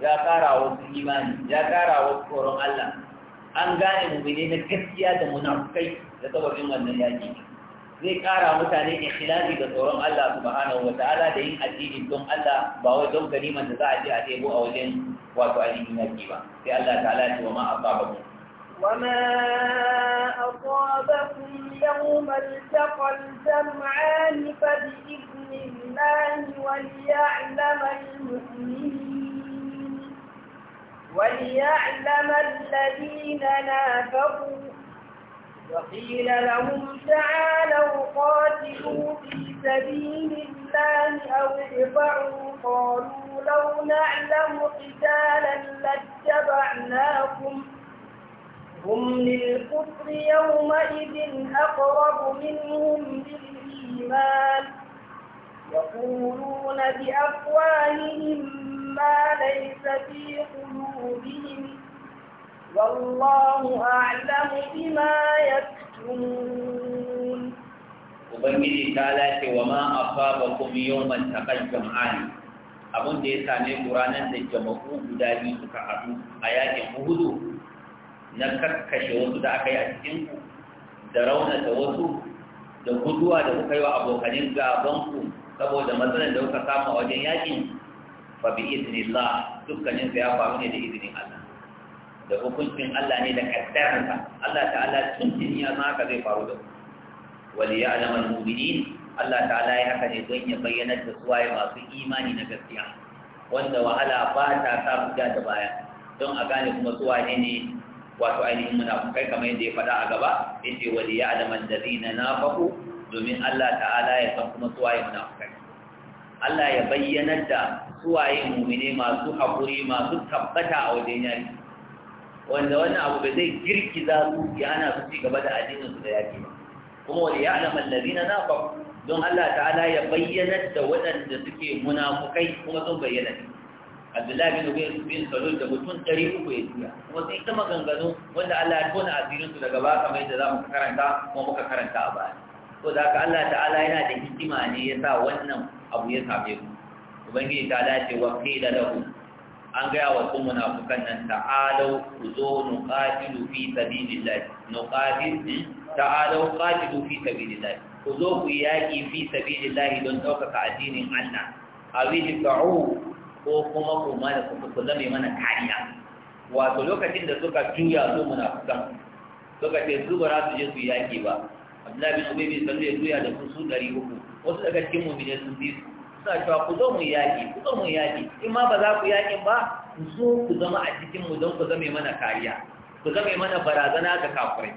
ya kara wasu imani ya kara wa tsoron Allah an gane mu'minai na gaskiya da munafukai da sababin wannan yaki zai kara mutane ikhlasi da tsoron Allah subhanahu ta'ala da yin addini don Allah ba wai don gariman da za a je a debo a wajen wato ainihin yaki ba sai Allah ta'ala ya ce wa ma asabakum وما أصابكم يوم التقى الجمعان فبإذن الله وليعلم المؤمنين وليعلم الذين نافقوا وقيل لهم تعالوا قاتلوا في سبيل الله أو ارفعوا قالوا لو نعلم قتالا لاتبعناكم هم للكفر يومئذ أقرب منهم للإيمان يقولون بأفواههم ما ليس في قلوبهم بهم والله أعلم بما يكتمون Ubangiji ta lace wa ma a faba kuma yau man taɓar abin da ya same ku ranar da jama'u guda biyu suka haɗu a yakin hudu na karkashe wasu da aka yi a cikinku da raunata wasu da guduwa da kuka yi wa abokanin gabanku saboda matsalar da kuka samu a wajen yakin fa bi idnillah dukkanin ya faru ne da izinin Allah da hukuncin Allah ne da kaddarsa Allah ta'ala tun ya ma haka zai faru da wal ya'lamu al-mu'minin Allah ta'ala ya haka ne don ya bayyana da suwaye masu imani na gaskiya wanda wahala ba ta sa fita da baya don a gane kuma suwaye ne wato ainihin munafukai kamar yadda ya faɗa a gaba ya yace wal ya'lamu allazina nafaqu domin Allah ta'ala ya san kuma suwaye munafukai Allah ya bayyana da suwaye mummine masu haƙuri masu tabbata a wajen yaki wanda wannan abu bai zai girki za su ya ana su ci gaba da addinin su da yaki ba kuma wani ya alamar lalina na ba don Allah ta'ala ya bayyana da waɗanda suke munafukai kuma sun bayyana ne Abdullahi bin Ubay bin Salul da mutum ɗari uku ya tura kuma sai ta maganganu wanda Allah ya tona asirin su daga baka kamar yadda za mu karanta kuma muka karanta a baya to da haka Allah ta'ala yana da hikima ne ya sa wannan abu ya same ku ubangiji ta dace wa qila lahu an gaya wa sun munafukan nan ta'alau ku zo nuqatilu fi sabilillah nuqatil ta'alau qatilu fi sabilillah ku zo ku yaƙi fi sabilillah don ɗaukaka addinin Allah awili ta'u ko kuma ku mana ku ku zame mana kariya wato lokacin da suka juya su munafukan suka ce su ba su je su yaki ba Abdullahi bin Ubay bin Sallu ya juya da su su 300 wasu daga cikin mu'minin sun bi su suna cewa ku zo mu yaƙi ku zo mu yaƙi in ma ba za ku yaƙi ba ku zo ku zama a cikin mu don ku zame mana kariya ku zame mana barazana ga kafirai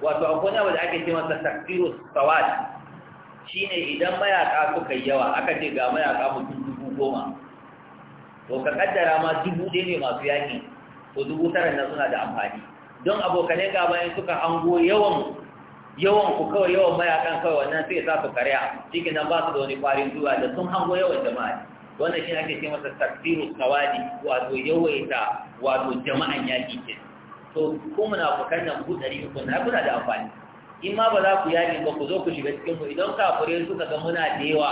wato akwai wani abu da ake ce masa takfiru sawat shine idan mayaka suka yi yawa aka ce ga mayaka mutum dubu goma to ka kaddara ma dubu ɗaya ne masu yaƙi to dubu tara na suna da amfani don abokanai bayan suka hango yawan yawan ku kawai yawan mayakan kawai wannan sai za su karya cikin nan ba su da wani kwarin zuwa da sun hango yawan jama'a wannan shi ake ce masa takfiru kawadi wato yawaita wato jama'an yaƙi ke to ku munafukan nan ku ɗari uku na kuna da amfani in ma ba za ku yaƙi ba ku zo ku shiga cikin mu idan kafirai suka ga muna da yawa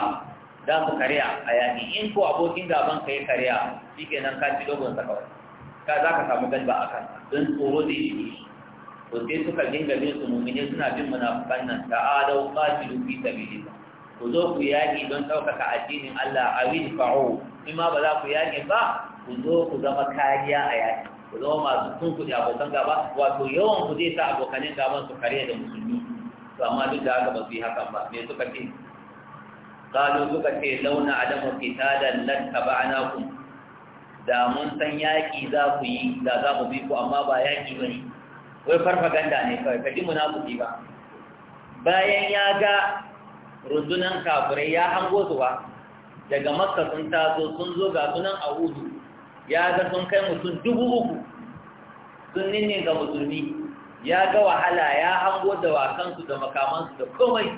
za su karya a yaƙi in ko abokin gaban ka ya karya shi nan ka ci dogon sa ka za ka samu galba a kan don tsoro zai yi shi to sai suka dinga bin su mu'mini suna bin munafikan nan ta'alau qatilu fi sabilillah ku zo ku yaƙi don ɗaukaka addinin Allah a wili fa'o in ma ba za ku yaƙi ba ku zo ku zama kariya a yaƙi ku zama masu tunkuɗe abokan gaba wato yawan ku zai sa abokanin gaban su kare da musulmi to amma duk da haka ba su yi hakan ba me suka ce kalu suka ce launa adamu qitalan lan taba'nakum da mun san yaƙi za ku yi da za mu bi ku amma ba yaƙi bane wai farfaganda ne kawai kaji munafuki ba bayan ya ga rundunan kafirai ya hango su ba daga makka sun taso sun zo ga sunan a hudu ya ga sun kai mutum dubu uku sun ninne ga musulmi ya ga wahala ya hango da wakansu da makamansu da komai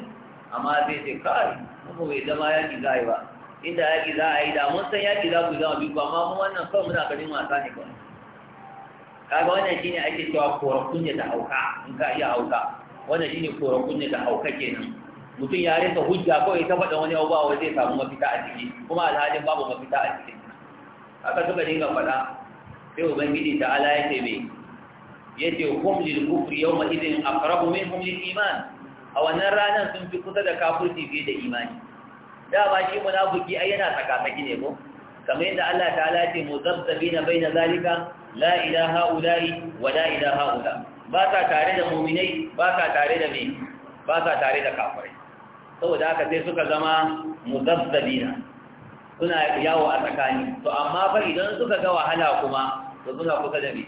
amma zai ce kawai kuma bai zama yaƙi za a yi ba inda yaƙi za a yi da mun san yaƙi za ku zama biyu ba amma mu wannan kawai muna ganin wasa ne kawai kaga wannan shine ake cewa koran kunya da hauka in ka iya hauka wannan shine koran kunya da hauka kenan mutum ya rasa hujja ya ta da wani abu ba wai zai samu mafita a ciki kuma alhalin babu mafita a ciki haka suka dinga faɗa sai ubangiji ta ala ya ce mai ya ce hum lil kufri yawma idin aqrabu minhum lil iman a wannan ranar sun fi kusa da kafirci fiye da imani da ba shi munafiki ai yana tsakatsaki ne ko kamar yadda Allah ta'ala ya ce muzabbina baina zalika la ila haula'i wa la ila haula ba ta tare da mu'minai ba ta tare da me ba ta tare da kafirai saboda haka sai suka zama muzabbabina suna yawo a tsakani to amma fa idan suka ga wahala kuma to suna kusa da me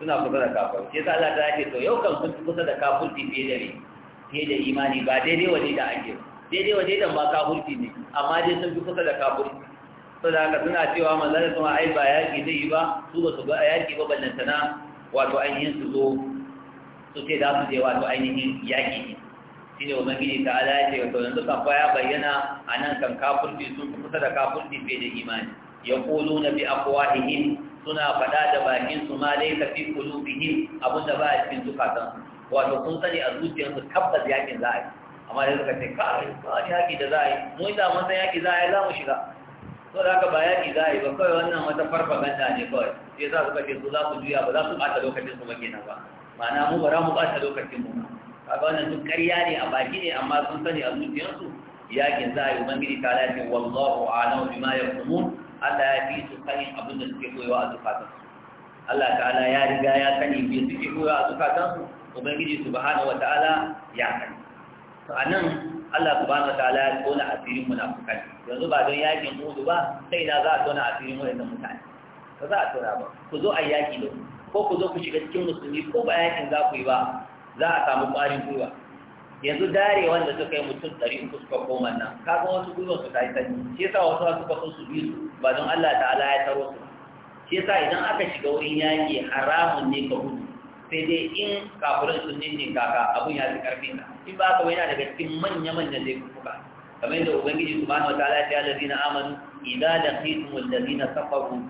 suna kusa da kafirai sai Allah ta yake to yau kan kusa da kafirci fiye da me fiye da imani ba daidai waje da ake daidai waje da ba kafirci ne amma dai sun fi kusa da kafirci saboda haka suna cewa manzon sama ai ba yaƙi zai yi ba su ba su ga yaƙi ba ballantana wato ainihin su zo su ce za su je wato ainihin yaƙi ne shi ne ubangiji ta ala ce wato yanzu kan baya ya bayyana a nan kan kafurci sun fi kusa da kafurci fiye da imani ya kolo na bi akwahihim suna faɗa da bakin su ma dai ka fi bihin abin da ba a cikin zukatan wato sun sani a zuciyarsu tabbas yaƙin za a yi amma da suka ce kawai ba yaƙi da za a yi mu yi da mun san yaƙi za a yi za mu shiga so da haka ba yaƙi za a yi ba kawai wannan wata farfaganda ne kawai sai za su kace su za su juya ba za su ɓata lokacin su makina ba ma'ana mu ba za mu ɓata lokacin mu kaga wannan duk ƙarya ne a baki ne amma sun sani a zuciyarsu yaƙin za a yi ubangiji ta lafi wallahu a'lamu bima yaqulun Allah ya fi su sani abin da suke koyawa a su Allah ta'ala ya riga ya sani biyu suke koyawa a su ubangiji subhanahu wata'ala ya sani to anan Allah subhanahu wataala ya tona asirin munafukai yanzu ba don yakin Uhud ba sai na za a tona asirin waɗannan mutane ba za a tona ba ku zo a yaki da ko ku zo ku shiga cikin musulmi ko ba yakin za ku yi ba za a samu ƙwarin gwiwa yanzu dare wanda suka yi mutum ɗari uku suka koma nan kaga wasu gwiwa su tayi sanyi shi yasa wasu suka so su bi su ba don Allah ta'ala ya taro su shi yasa idan aka shiga wurin yaki haramun ne ka gudu sai dai in kafirin sun ninne kaka abun ya fi ƙarfin ka in ba haka yana daga cikin manya-manyan laifuka kamar yadda ubangiji subhanahu wataala ya allazi na amanu idza laqitum allazina kafaru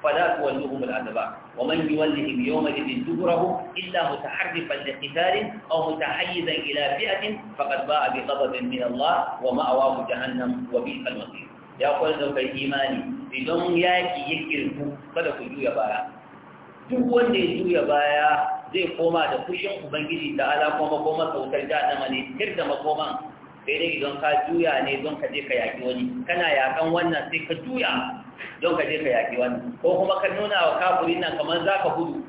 su wani tuwalluhum al-adbar wa man yuwallihim yawma idin dubrahu illa mutaharrifan liqitalin aw mutahayyizan ila fi'atin ba a bi ghadabin min Allah wa mu jahannam wa bi'sal masir ya kwallo da kai imani idan yaki ya kirku kada ku juya baya duk wanda ya juya baya zai koma da fushin ubangiji da ala kuma koma sautar jahannama ne kir da makoman sai dai don ka juya ne don ka je ka yaki wani kana yakan wannan sai ka juya don ka je ka yaki wani ko kuma ka nuna wa kafirin nan kamar za ka gudu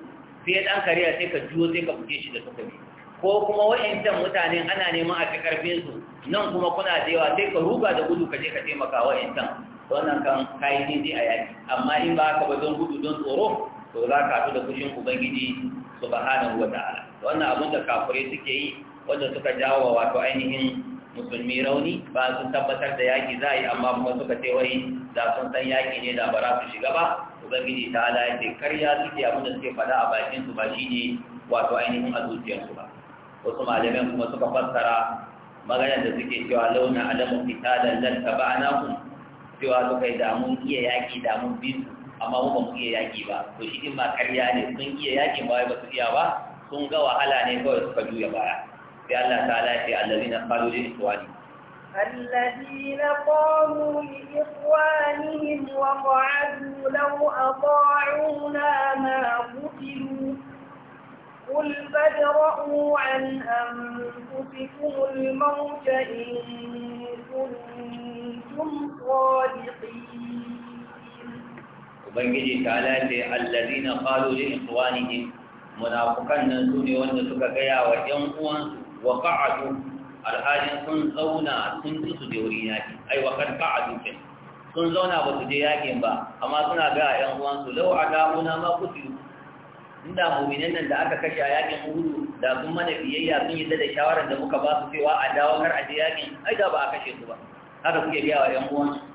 sai dan kariya sai ka juyo sai ka buge shi da takobi ko kuma wa'ancan mutane ana neman a ci karfin su nan kuma kuna da yawa sai ka ruga da gudu ka je ka taimaka wa'ancan wannan kan kayi daidai a yaki amma in ba ka ba don gudu don tsoro to za ka fi da fushin ubangiji subhanahu wa ta'ala wannan abin da kafirai suke yi wanda suka jawo wato ainihin musulmi rauni ba sun tabbatar da yaki za a yi amma kuma suka ce wai da sun san yaki ne da bara su shiga ba ubangiji ta ala ya ce karya suke abin da suke faɗa a bakin su ba shine wato ainihin a zuciyarsu ba wasu malamai kuma suka fassara maganar da suke cewa launa alamu fitalan lan taba'anakum cewa suka yi damun iya yaki damun bisu amma mu ba mu iya yaƙi ba to shi din ma ƙarya ne sun iya yaƙin ba ba su iya ba sun ga wahala ne kawai suka juya baya sai Allah ta'ala ya ce allazina qalu li ikhwani الذين قالوا لإخوانهم وقعدوا لو أطاعونا ما قتلوا قل فادرؤوا عن أنفسكم الموت إن كنتم صادقين ubangiji ta lafi allazina qalu li ikhwanihim munafukan nan su ne wanda suka gaya wa ƴan uwansu wa qa'adu alhajin sun zauna sun ji su je wuri yaki ai wa kan qa'adu kin sun zauna ba su je yakin ba amma suna ga ƴan uwansu law ada'una ma qutilu inda mu'minan nan da aka kashe a yakin hudu. da sun mana biyayya sun yi da shawarar da muka ba su cewa a dawo kar a je yakin ai da ba a kashe su ba haka suke gaya wa ƴan uwansu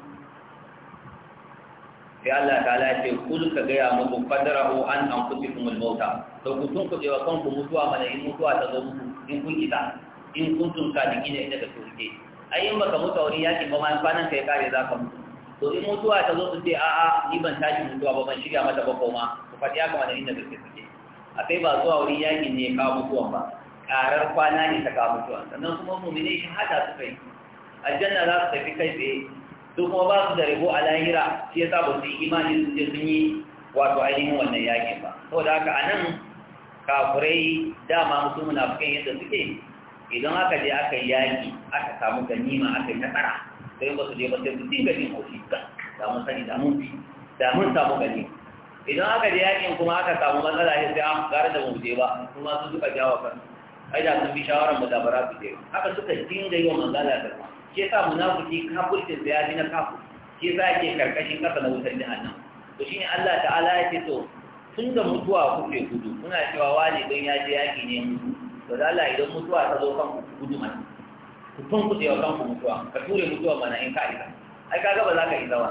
sai Allah ta ta'ala ce kul ka gaya muku fadarahu an kuti kuma mauta to ku tun ku jewa kanku mutuwa mana in mutuwa ta zo muku in kun kita in kun tun ka diki ne da turke ai in baka mutu wuri yaki ba ma kwanan kai kare zaka mutu to in mutuwa ta zo su ce a'a ni ban tashi mutuwa ba ban shirya mata ba koma ku faɗi haka mana inda gaske suke a sai ba zuwa wuri yaki ne ka mutuwa ba karar kwana ne ta ka mutuwa sannan kuma mu'mini hada suka yi aljanna za su tafi kai tsaye su kuma ba su da rabo a lahira shi yasa ba su yi imani su je sun yi wato ainihin wannan yakin ba Sau da haka a nan kafurai dama musu munafukan yadda suke idan aka je aka yaki aka samu ganima aka yi nasara sai ba su je ba sai su dinga jin haushi ka da mun sani da mun fi da mun samu ganima idan aka je yakin kuma aka samu matsala shi sai an gara da mu je ba kuma su suka jawo kan aida sun bi shawaran mu da bara su je haka suka dinga yi wa manzala da kuma shi sa munafiki kafircin da ya na kafir shi sa ke karkashin kasa na wutar jahannam to ne Allah ta'ala ya ce to tun da mutuwa kuke gudu kuna cewa wani don ya je yaƙi ne to da Allah idan mutuwa ta zo kanku gudu mana ku tun ku tsaye kanku mutuwa ka ture mutuwa mana in ka isa ai kaga ba za ka isa ba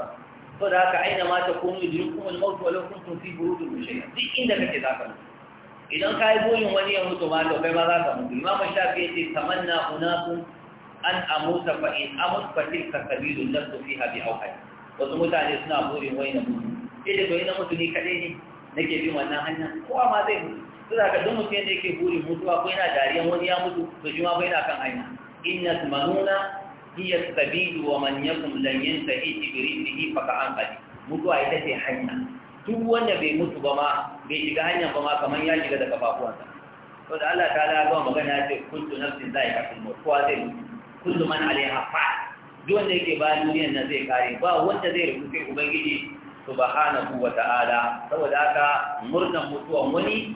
to da haka aina ma ta kunu idrukum al-maut wa law kuntum fi burudin da shay'in duk inda kake za ka idan ka yi burin wani ya mutu ma to kai ma za ka mutu imam shafi ya ce tamanna unakum an amuta fa in amut fa tilka sabilu nafsu fiha bi auhay wasu mutane suna burin wai na mutu sai da bai na mutu ni kadai ne nake bin wannan hanya kowa ma zai mutu da ka duk mutum ne yake burin mutuwa ko yana dariyan wani ya mutu to shi ma bai na kan hanya inna tumanuna hiya sabilu wa man yakum lan yantahi ibrihi fa ka an qadi mutuwa ita ce hanya duk wanda bai mutu ba ma bai shiga hanyar ba ma kamar ya shiga da kafafuwansa to da Allah ta ga magana ya ce kuntu nafsin zai kafin Kowa zai mutu kullu man alaiha fa duk wanda yake ba duniyar nan zai kare ba wanda zai rubu sai ubangiji subhanahu wa ta'ala saboda haka murnan mutuwan wani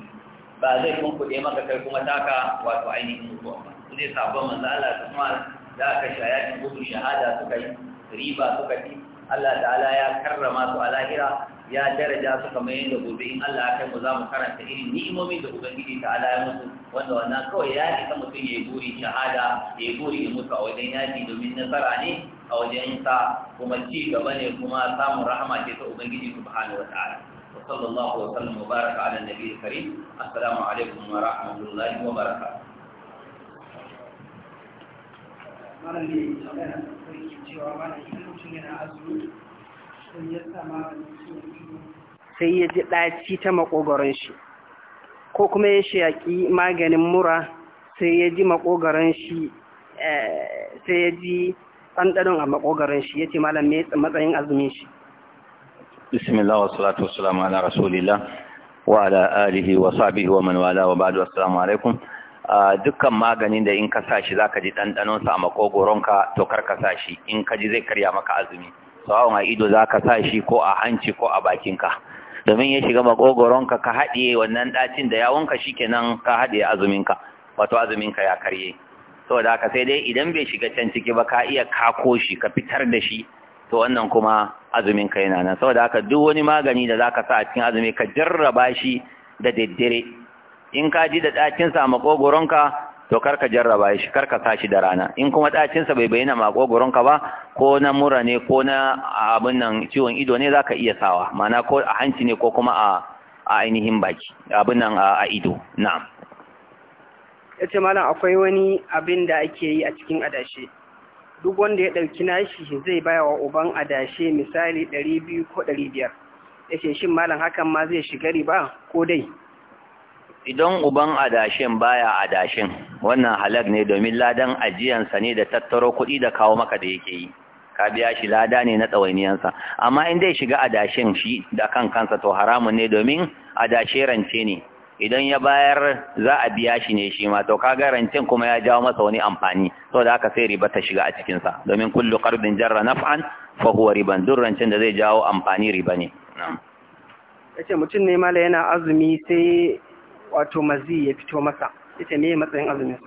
ba zai kunkuɗe maka kai kuma taka wato ainihin mutuwa ba su ne sabon manzo Allah ta kuma da aka shaya in gudu shahada suka yi riba suka ci Allah ta'ala ya karrama su a lahira يا درجات كمين لغوبين الله كم ذا مكرم تهين نيمومي لغوبين جدي تعالى يمسو وانو انا كو يا لكم في يبوري شهادة يبوري يمسو او دينا جي دومين نفراني او دينا تا كما جي قبني كما سام رحمة جيسو او بنجي سبحانه وتعالى وصلى الله وسلم وبارك على النبي الكريم السلام عليكم ورحمة الله وبركاته مرحبا بكم جميعا في جوابنا في sai ya ji ɗaci ta makogoron shi ko kuma ya shaƙi maganin mura sai ya ji makogoron shi eh, sai ya ji ɗanɗanon a makogoron shi ya ce malam mai matsayin azumin shi bismillah wa salatu wa salamu ala rasulillah wa ala alihi wa sabihi wa man wa ba'du assalamu alaikum dukkan maganin da in ka sa shi zaka ji ɗanɗanonsa a makogoronka to kar ka sa shi in ka ji zai karya maka azumi sawon a ido za ka sa shi ko a hanci ko a bakinka domin ya shiga makogoronka ka haɗe wannan ɗacin da yawonka shi kenan ka haɗe azuminka wato azuminka ya karye da haka sai dai idan bai shiga can ciki ba ka iya kako shi ka fitar da shi to wannan kuma azuminka yana nan saboda haka duk wani magani da za ka sa a cikin azumi ka jarraba shi da daddare in ka ji da ɗacinsa a makogoronka to ka jarraba shi karka sashi da rana in kuma ɗacinsa bai bayyana makogoronka ba ko na mura ne ko na abin nan ciwon ido ne zaka iya sawa mana ko a hanci ne ko kuma a ainihin baki abin nan a ido na'am yace malam akwai wani abin da ake yi a cikin adashe duk wanda ya ɗauki nashi zai baya wa uban adashe misali ɗari biyu ko ɗari biyar shin malam hakan ma zai shiga riba ko dai idan uban adashin baya adashin wannan halak ne domin ladan ajiyansa ne da tattaro kuɗi da kawo maka da yake yi ka biya shi lada ne na tsawainiyansa. amma in dai shiga adashin shi da kan kansa to haramun ne domin adashe rance ne idan ya bayar za a biya shi ne shi ma to kaga rancen kuma ya jawo masa wani amfani to da aka sai riba ta shiga a cikinsa domin kullu qardin jarra naf'an fa huwa riban duk rancen da zai jawo amfani riba ne na'am yace mutum ne mala yana azumi sai wato mazi ya fito masa ita ne matsayin azumin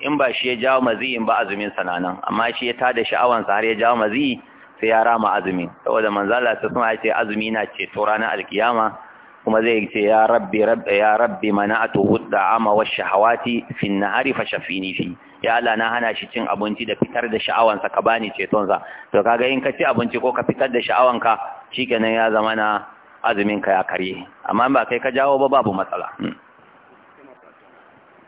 in ba shi ya jawo mazi ba azumin sana'nan, nan amma shi ya tada sha'awansa sa har ya jawo mazi sai ya rama azumi saboda manzala ta sama ya ce azumi na ce to ranar alkiyama kuma zai ce ya rabbi rabbi ya rabbi mana'atu hudda ama wa shahawati fi nahari fa shafini fi ya ala na hana shi cin abinci da fitar da sha'awansa ka bani cetonsa. sa to kaga in ka ci abinci ko ka fitar da sha'awar ka shikenan ya zama na azumin ka ya kare amma ba kai ka jawo ba babu matsala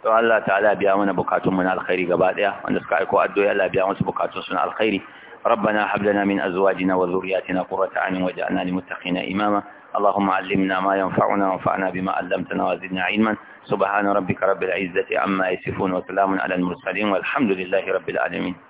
to Allah ta'ala biya mana bukatun mu na alkhairi gaba daya wanda suka aiko addu'a Allah biya musu bukatun su na alkhairi ربنا هب لنا من ازواجنا وذرياتنا قرة اعين واجعلنا للمتقين اماما اللهم علمنا ما ينفعنا وانفعنا بما علمتنا وزدنا علما سبحان ربك رب العزة عما يصفون وسلام على المرسلين والحمد لله رب العالمين